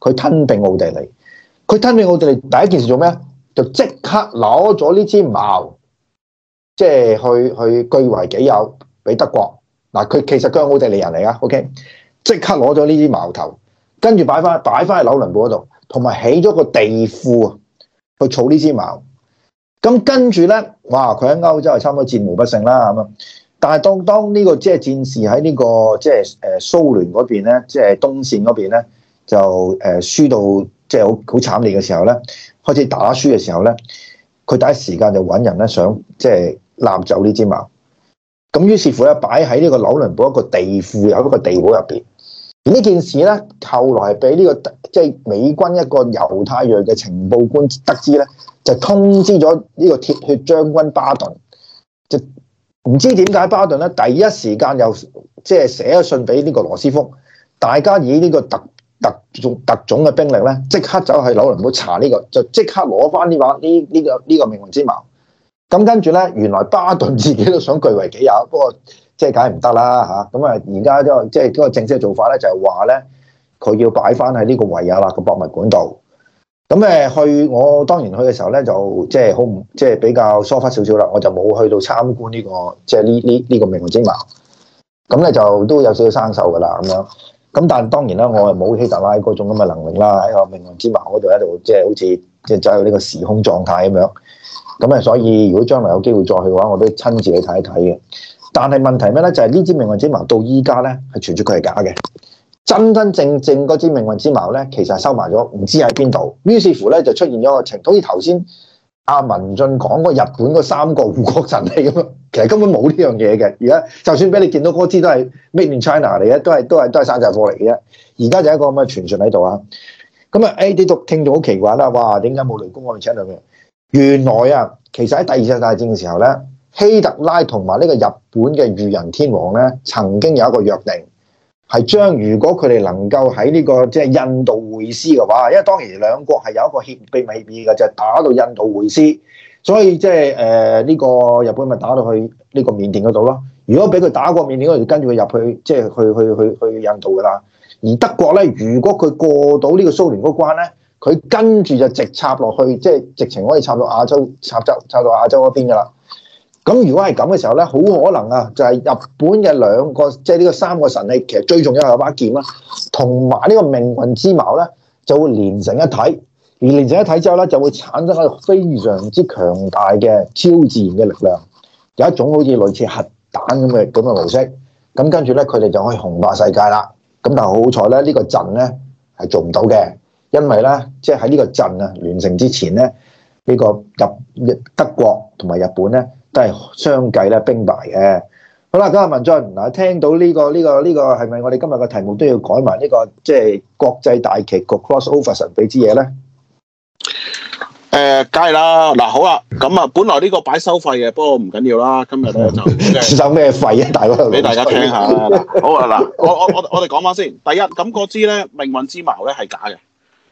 B: 佢吞併奧地利。佢吞併奧地利第一件事做咩？就即刻攞咗呢支矛，即係去去據為己有俾德國。嗱，佢其實佢係奧地利人嚟噶，OK？即刻攞咗呢支矛頭，跟住擺翻擺翻去紐倫堡嗰度，同埋起咗個地庫啊，去儲呢支矛。咁跟住咧，哇！佢喺歐洲係差唔多戰無不勝啦，咁啊！但係當當、這、呢個即係、就是、戰事喺呢、這個即係誒蘇聯嗰邊咧，即、就、係、是、東線嗰邊咧，就誒輸到即係好好慘烈嘅時候咧，開始打輸嘅時候咧，佢第一時間就揾人咧，想即係攬走呢支矛。咁於是乎咧，擺喺呢個紐倫堡一個地庫有一個地堡入邊。而呢件事咧，後來俾呢、呢個即係、就是、美軍一個猶太裔嘅情報官得知咧，就通知咗呢個鐵血將軍巴頓，就唔知點解巴頓咧，第一時間又即係寫咗信俾呢個羅斯福，大家以呢個特特，特種特種嘅兵力咧，即刻走去紐倫堡查呢、呢個，就即刻攞翻呢把呢呢個呢、呢個呢個命運之矛。咁跟住咧，原來巴頓自己都想據為己有，啊，不過。即係梗係唔得啦嚇！咁啊，而家即係嗰個正式嘅做法咧，就係話咧，佢要擺翻喺呢個維也納嘅博物館度。咁誒去我當年去嘅時候咧，就即係好唔即係比較疏忽少少啦。我就冇去到參觀呢、呢個即係呢呢呢個命運之矛。咁咧就都有少少生鏽噶啦咁樣。咁但係當然啦，我係冇希特拉嗰種咁嘅能力啦，喺個命運之矛嗰度喺度即係好似即係走入呢個時空狀態咁樣。咁啊，所以如果將來有機會再去嘅話，我都親自去睇一睇嘅。但係問題咩咧？就係呢支命運之矛到依家咧，係傳説佢係假嘅。真真正正嗰支命運之矛咧，其實收埋咗，唔知喺邊度。於是乎咧，就出現咗個情，好似頭先阿文進講過日本嗰三個護國神器咁樣。其實根本冇呢樣嘢嘅。而家就算俾你見到嗰支都係 Made in China 嚟嘅，都係都係都係山寨貨嚟嘅啫。而家就一個咁嘅傳説喺度啊。咁啊，A 啲讀聽眾好奇怪啦！哇，點解冇雷公我哋請到嘅？原來啊，其實喺第二次大戰嘅時候咧。希特拉同埋呢個日本嘅裕仁天王呢，曾經有一個約定，係將如果佢哋能夠喺呢、這個即係、就是、印度會師嘅話，因為當然兩國係有一個協,協議未變嘅，就係、是、打到印度會師。所以即係誒呢個日本咪打到去呢個緬甸嗰度咯。如果俾佢打過緬甸嗰度，要跟住佢入去即係、就是、去去去去,去印度噶啦。而德國呢，如果佢過到呢個蘇聯嗰關咧，佢跟住就直插落去，即、就、係、是、直情可以插到亞洲，插插到亞洲嗰邊噶啦。咁如果係咁嘅時候咧，好可能啊，就係日本嘅兩個，即係呢個三個神器，其實最重要係把劍啦，同埋呢個命運之矛咧，就會連成一體。而連成一體之後咧，就會產生一個非常之強大嘅超自然嘅力量，有一種好似類似核彈咁嘅咁嘅模式。咁跟住咧，佢哋就可以紅霸世界啦。咁但係好彩咧，呢個陣咧係做唔到嘅，因為咧，即係喺呢個陣啊連成之前咧，呢、呢個日德國同埋日本咧。都係相繼咧，兵敗嘅。好啦，今日文進嗱，聽到呢、這個呢、這個呢、這個係咪我哋今日嘅題目都要改埋呢個即係國際大棋局 cross over 神秘之嘢咧？
A: 誒、呃，梗係啦。嗱，好啦，咁啊，本來呢個擺收費嘅，不過唔緊要啦。今日
B: 就收咩 費啊？大佬，俾大家聽下啦。 好啊，嗱，
A: 我我我哋講翻先。第一，咁嗰支咧，命運之矛咧係假嘅。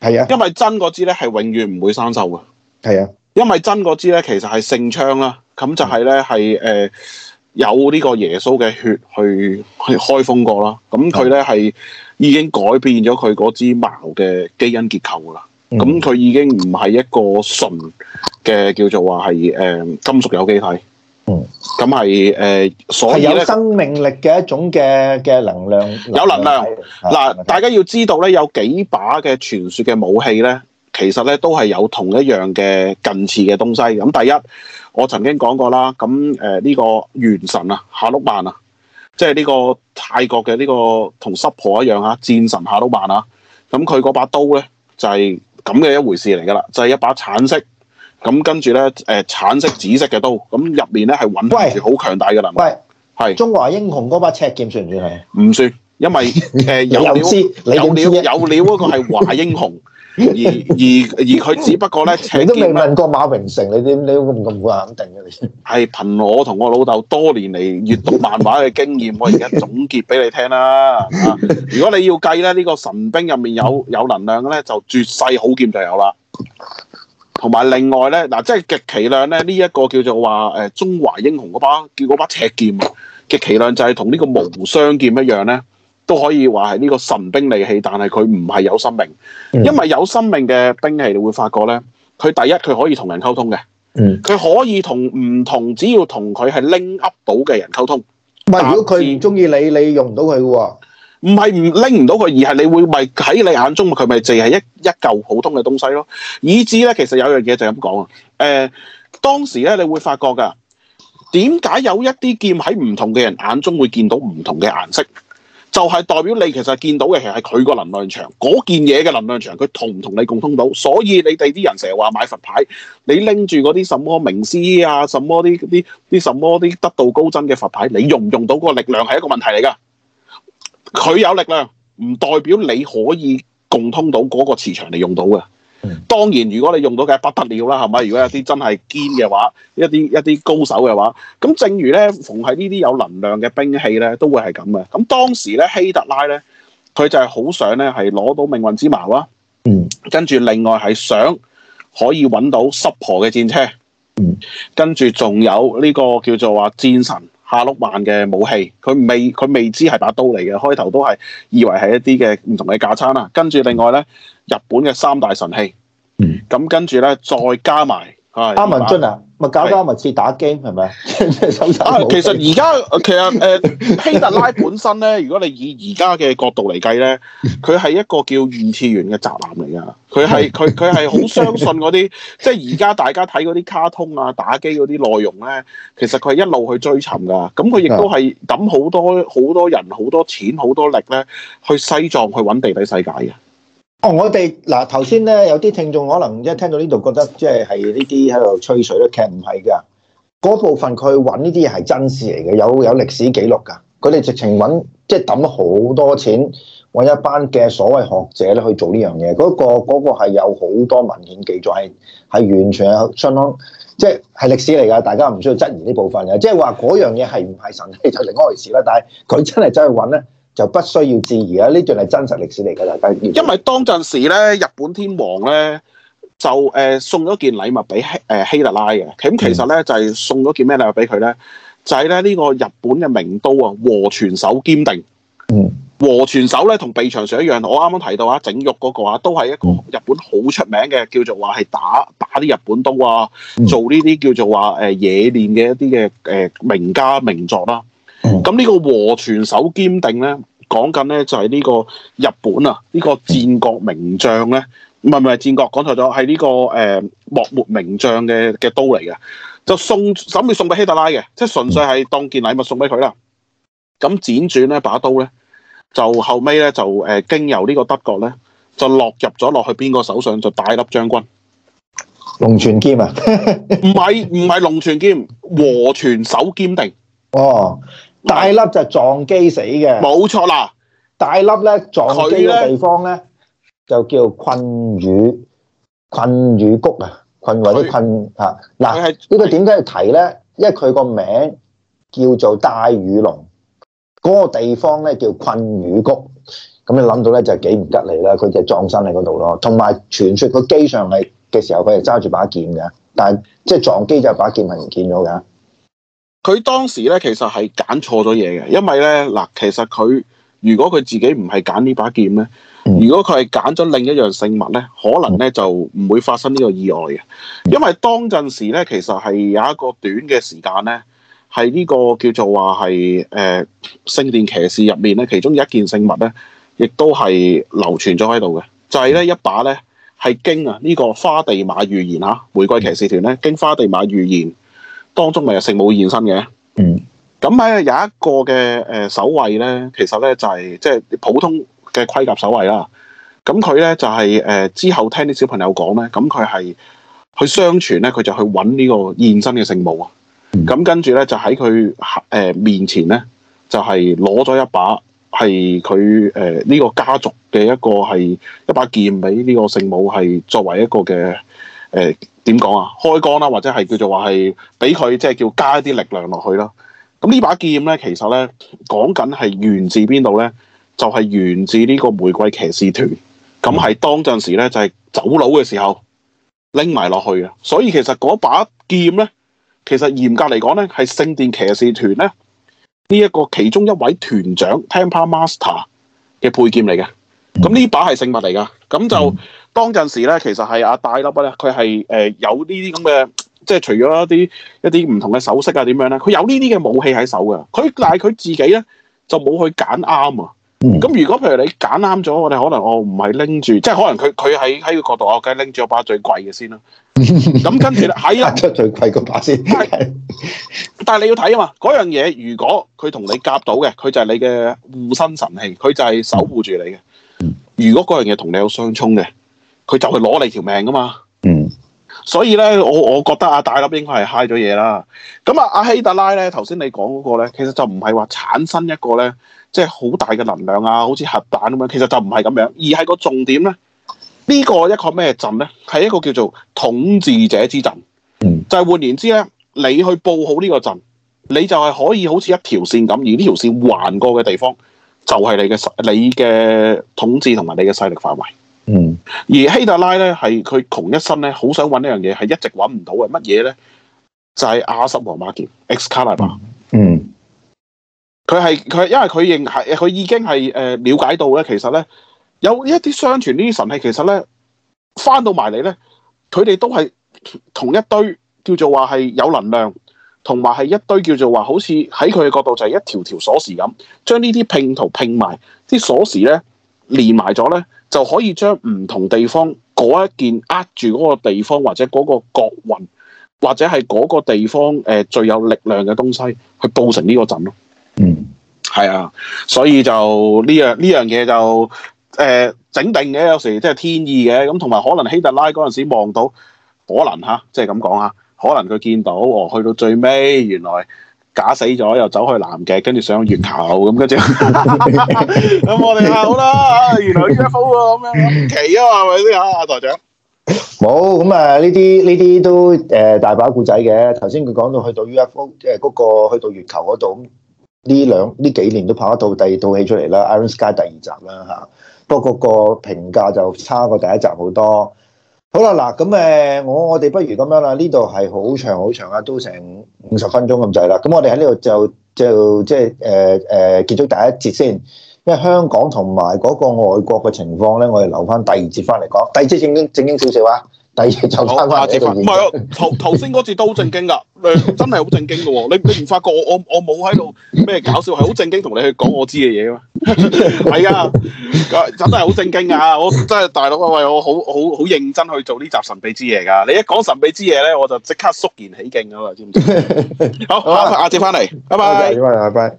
A: 係是啊，因為真嗰支咧係永遠唔會生鏽嘅。係是啊，因為真嗰支咧其實係聖槍啦。咁就係咧，係誒、呃、有呢個耶穌嘅血去去開封過啦。咁佢咧係已經改變咗佢嗰支矛嘅基因結構啦。咁佢已經唔係一個純嘅叫做話係誒金屬有機體。嗯。咁係誒，所有生
B: 命力嘅一種嘅嘅能量，能量有能量。嗱、
A: 啊，大家要知道咧，有幾把嘅傳説嘅武器咧，其實咧都係有同一樣嘅近似嘅東西。咁第一，我曾經講過啦。咁誒呢個元神啊，夏祿曼啊，即係呢個泰國嘅呢、這個同濕婆一樣吓，戰神夏祿曼啊。咁佢嗰把刀咧就係咁嘅一回事嚟噶啦，就係、是、一把橙色咁、嗯、跟住咧誒橙色紫色嘅刀，咁入面咧係蘊含住好強大嘅能量。係喂是中華英雄嗰把赤劍算唔算係？唔算，因為誒、呃、有，有料有料有料嗰個係華英雄。 而而而佢只不過咧，赤 劍。你都未問
B: 過馬榮成，你點你咁咁肯定
A: 嘅？你係 憑我同我老豆多年嚟閲讀漫畫嘅經驗，我而家總結俾你聽啦、啊。如果你要計咧，呢、這個神兵入面有有能量咧，就絕世好劍就有啦。同埋另外咧，嗱、啊，即係極其量咧，呢、這、一個叫做話誒中華英雄嗰把叫把赤劍嘅，極其量就係同呢個無雙劍一樣咧。都可以話係呢個神兵利器，但係佢唔係有生命，因為有生命嘅兵器，你會發覺咧，佢第一佢可以同人溝通嘅，佢可以同唔同只要同佢係拎 up 到嘅人溝通。唔係如果佢唔中意你，你用唔到佢嘅喎，唔係唔拎唔到佢，而係你會咪喺你眼中，佢咪淨係一一嚿普通嘅東西咯。以至咧，其實有樣嘢就咁講啊。誒、呃，當時咧，你會發覺㗎，點解有一啲劍喺唔同嘅人眼中會見到唔同嘅顏色？就係代表你其實見到嘅其實係佢個能量場，嗰件嘢嘅能量場，佢同唔同你共通到，所以你哋啲人成日話買佛牌，你拎住嗰啲什麼名師啊，什麼啲啲啲什麼啲得道高僧嘅佛牌，你用唔用到嗰個力量係一個問題嚟㗎，佢有力量唔代表你可以共通到嗰個磁場嚟用到嘅。當然，如果你用到嘅不得了啦，係咪？如果有啲真係堅嘅話，一啲一啲高手嘅話，咁正如咧，逢係呢啲有能量嘅兵器咧，都會係咁嘅。咁當時咧，希特拉咧，佢就係好想咧係攞到命運之矛啦。嗯，跟住另外係想可以揾到濕婆嘅戰車。嗯，跟住仲有呢個叫做話戰神夏洛曼嘅武器，佢未佢未知係把刀嚟嘅，開頭都係以為係一啲嘅唔同嘅架撐啊。跟住另外咧。日本嘅三大神器，咁跟住咧再加埋啊！阿文進啊，
B: 咪搞啲阿文似打機，係咪？
A: 啊啊、其實而家 其實誒、呃、希特拉本身咧，如果你以而家嘅角度嚟計咧，佢係一個叫二次元嘅宅男嚟噶。佢係佢佢係好相信嗰啲，即係而家大家睇嗰啲卡通啊、打機嗰啲內容咧，其實佢係一路去追尋噶。咁佢亦都係抌好多好多人、好多錢、好多力咧，去西藏去揾地底世界嘅。
B: 哦，我哋嗱頭先咧，有啲聽眾可能一聽到呢度覺得是是，即係係呢啲喺度吹水咧，其實唔係噶。嗰部分佢搵呢啲嘢係真事嚟嘅，有有歷史記錄噶。佢哋直情搵，即係抌好多錢搵一班嘅所謂學者咧去做呢樣嘢。嗰、嗰個嗰、嗰個係有好多文獻記載，係完全係相當即係係歷史嚟噶。大家唔需要質疑呢部分嘅，即係話嗰樣嘢係唔係神，就是、是是神另外一回事啦。但係佢真係走去搵咧。就不需要置疑啦，呢段係真實歷史嚟㗎啦。
A: 因為當陣時咧，日本天皇咧就誒、呃、送咗件禮物俾希、呃、希特拉嘅。咁其實咧、嗯、就係送咗件咩禮物俾佢咧？就係、是、咧呢、呢個日本嘅名刀啊，和泉守兼定。嗯、和泉守咧同備長上一樣，我啱啱提到啊，整玉嗰個啊，都係一個日本好出名嘅叫做話係打打啲日本刀啊，嗯、做呢啲叫做話誒冶煉嘅一啲嘅誒名家名作啦、啊。咁呢、嗯嗯、個和泉守兼定咧？呢講緊咧就係呢個日本啊，呢、這個戰國名將咧，唔係唔係戰國，講錯咗，係呢、這個誒、呃，幕末名將嘅嘅刀嚟嘅，就送，準備送俾希特拉嘅，即係純粹係當件禮物送俾佢啦。咁輾轉咧把刀咧，就後尾咧就誒、呃、經由呢個德國咧，就落入咗落去邊個手上就大粒將軍
B: 龍泉劍啊？
A: 唔係唔係龍泉劍，和泉守兼定
B: 哦。大粒就撞機死嘅，冇錯啦。大粒咧撞機嘅地方咧就叫困雨困雨谷啊，困，困或者困吓嗱。係呢個點解要提咧？因為佢個名叫做大雨龍，嗰個地方咧叫困雨谷。咁你諗到咧就係幾唔吉利啦。佢就撞身喺嗰度咯。同埋傳說佢機上嚟嘅時候，佢係揸住把劍嘅，但係即係撞機就係把劍係唔見咗嘅。
A: 佢當時咧，其實係揀錯咗嘢嘅，因為咧嗱，其實佢如果佢自己唔係揀呢把劍咧，如果佢係揀咗另一樣聖物咧，可能咧就唔會發生呢個意外嘅，因為當陣時咧，其實係有一個短嘅時間咧，係呢個叫做話係誒聖殿騎士入面咧，其中一件聖物咧，亦都係流傳咗喺度嘅，就係呢一把咧係經啊呢個花地馬預言啊，玫瑰騎士團咧經花地馬預言。當中咪有聖母現身嘅，嗯，咁咧有一個嘅誒守衛咧，其實咧就係、是、即係普通嘅盔甲守衛啦。咁佢咧就係、是、誒、呃、之後聽啲小朋友講咧，咁佢係去相傳咧，佢就去揾呢個現身嘅聖母啊。咁、嗯、跟住咧就喺佢誒面前咧，就係攞咗一把係佢誒呢個家族嘅一個係一把劍俾呢個聖母，係作為一個嘅誒。呃點講啊？開光啦、啊，或者係叫做話係俾佢即係叫加一啲力量落去啦。咁呢把劍咧，其實咧講緊係源自邊度咧？就係、是、源自呢個玫瑰騎士團。咁係當陣時咧，就係、是、走佬嘅時候拎埋落去啊。所以其實嗰把劍咧，其實嚴格嚟講咧，係聖殿騎士團咧呢一、這個其中一位團長 Temper Master 嘅佩劍嚟嘅。咁呢把係聖物嚟㗎，咁就當陣時咧，其實係阿大粒咧，佢係誒有呢啲咁嘅，即係除咗一啲一啲唔同嘅首飾啊點樣咧，佢有呢啲嘅武器喺手㗎，佢但係佢自己咧就冇去揀啱啊。咁如果譬如你揀啱咗，我哋可能我唔係拎住，即係可能佢佢喺喺個角度，我梗係拎住把最貴嘅先啦。咁 跟住啦，係啦，最貴嗰把先。 但係你要睇啊嘛，嗰樣嘢如果佢同你夾到嘅，佢就係你嘅護身神器，佢就係守護住你嘅。如果嗰樣嘢同你有相沖嘅，佢就去攞你條命噶嘛。嗯。所以咧，我我覺得阿大粒應該係嗨咗嘢啦。咁啊，阿希特拉咧，頭先你講嗰、那個咧，其實就唔係話產生一個咧，即係好大嘅能量啊，好似核彈咁樣。其實就唔係咁樣，而係個重點咧，呢、這個一個咩陣咧，係一個叫做統治者之陣。嗯、就就換言之咧，你去佈好呢個陣，你就係可以好似一條線咁，而呢條線橫過嘅地方，就係你嘅你嘅統治同埋你嘅勢力範圍。嗯。而希特拉咧係佢窮一生咧，好想揾呢樣嘢，係一直揾唔到嘅乜嘢咧？就係亞瑟王馬劍 Excalibur。嗯。嗯。佢係佢，因為佢認係佢已經係誒、呃、了解到咧，其實咧有一啲相傳呢啲神器，其實咧翻到埋嚟咧，佢哋都係同一堆叫做話係有能量。同埋係一堆叫做話，好似喺佢嘅角度就係一條條鎖匙咁，將呢啲拼圖拼埋，啲鎖匙咧連埋咗咧，就可以將唔同地方嗰一件握住嗰個地方或者嗰個國運，或者係嗰個地方誒、呃、最有力量嘅東西去構成呢個陣咯。嗯，係啊，所以就呢樣呢樣嘢就誒、呃、整定嘅，有時即係天意嘅咁，同埋可能希特拉嗰陣時望到可能嚇，即係咁講啊。可能佢見到哦，去到最尾，原來假死咗，又走去南極，跟住上月球咁，跟住咁我哋啊好啦，原來 UFO 喎、啊，咁啊奇啊，係咪先啊，台長？冇
B: 咁啊，呢啲呢啲都誒、呃、大把故仔嘅。頭先佢講到去到 UFO，即、呃、係嗰個去到月球嗰度，呢兩呢幾年都拍得到第二套戲出嚟啦，《Iron Sky》第二集啦嚇。不過嗰個評價就差過第一集好多。好啦，嗱咁誒，我我哋不如咁樣啦，呢度係好長好長啊，都成五十分鐘咁滯啦，咁我哋喺呢度就就即係誒誒結束第一節先，因為香港同埋嗰個外國嘅情況咧，我哋留翻第二節翻嚟講，第二節正經正經少少啊。第二就收阿哲翻，唔係啊，
A: 頭頭先嗰次都好正經噶，真係好正經噶。你你唔發覺我我冇喺度咩搞笑，係好正經同你去講我知嘅嘢啊？係 啊，真係好正經啊。我真係大佬啊，我好好好好認真去做呢集《神秘之夜》噶。你一講《神秘之夜》咧，我就即刻肅然起敬噶啦，知唔知？好，阿阿哲翻嚟，拜拜，拜拜。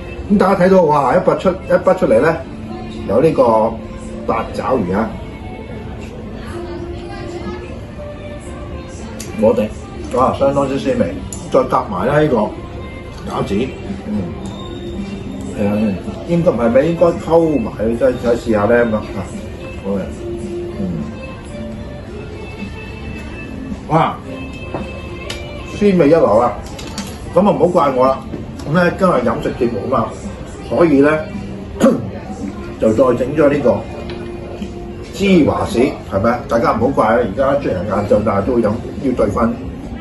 B: 大家睇到哇，一筆出一筆出嚟呢，有呢個八爪魚啊，攞定，嗯，哇，相當之鮮味，再夾埋咧呢個餃子，嗯，係啊，係啊，係啊，應該唔係，應該唔係咩？應該溝埋，真係試下呢。咁好啊，哇，鮮味一流啊，咁就唔好怪我啦。咁咧今日飲食節目啊嘛，所以咧 就再整咗呢個芝華士，係咪啊？大家唔好怪啊！而家雖然晏晝，但係都會飲，要兌翻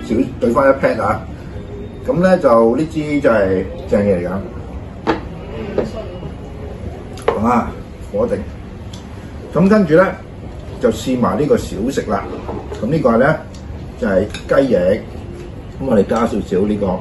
B: 少兌翻一 pat 啊！咁咧就呢支就係正嘢嚟㗎，係啊，火定。咁跟住咧就試埋呢個小食啦。咁呢個咧就係、係、雞翼，咁我哋加少少呢、呢個。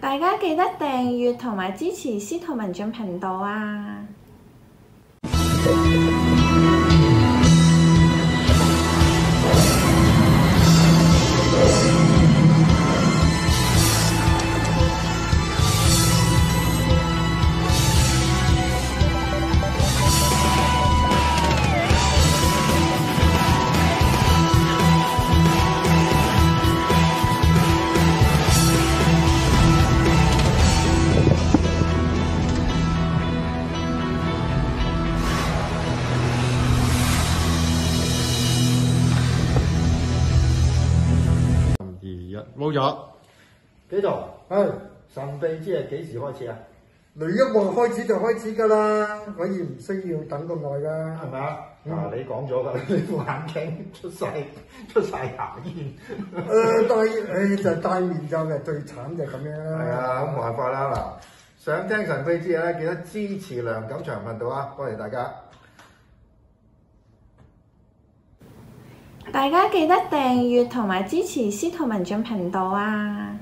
B: 大家記得訂閱同埋支持司徒文進頻道啊！好咗，幾多？唉徒，哎、神秘之日幾時開始啊？雷一望開始就開始噶啦，可以唔需要等咁耐噶，係咪、嗯、啊？嗱，你講咗啦，副眼鏡出晒出晒牙煙。誒，對、 呃，誒、哎、就係、戴面罩嘅 最慘就咁樣。係啊，咁冇辦法啦。嗱，想聽神秘之日咧，記得支持梁錦祥頻道啊，多謝，謝大家。大家記得訂閱同埋支持司徒文進頻道啊！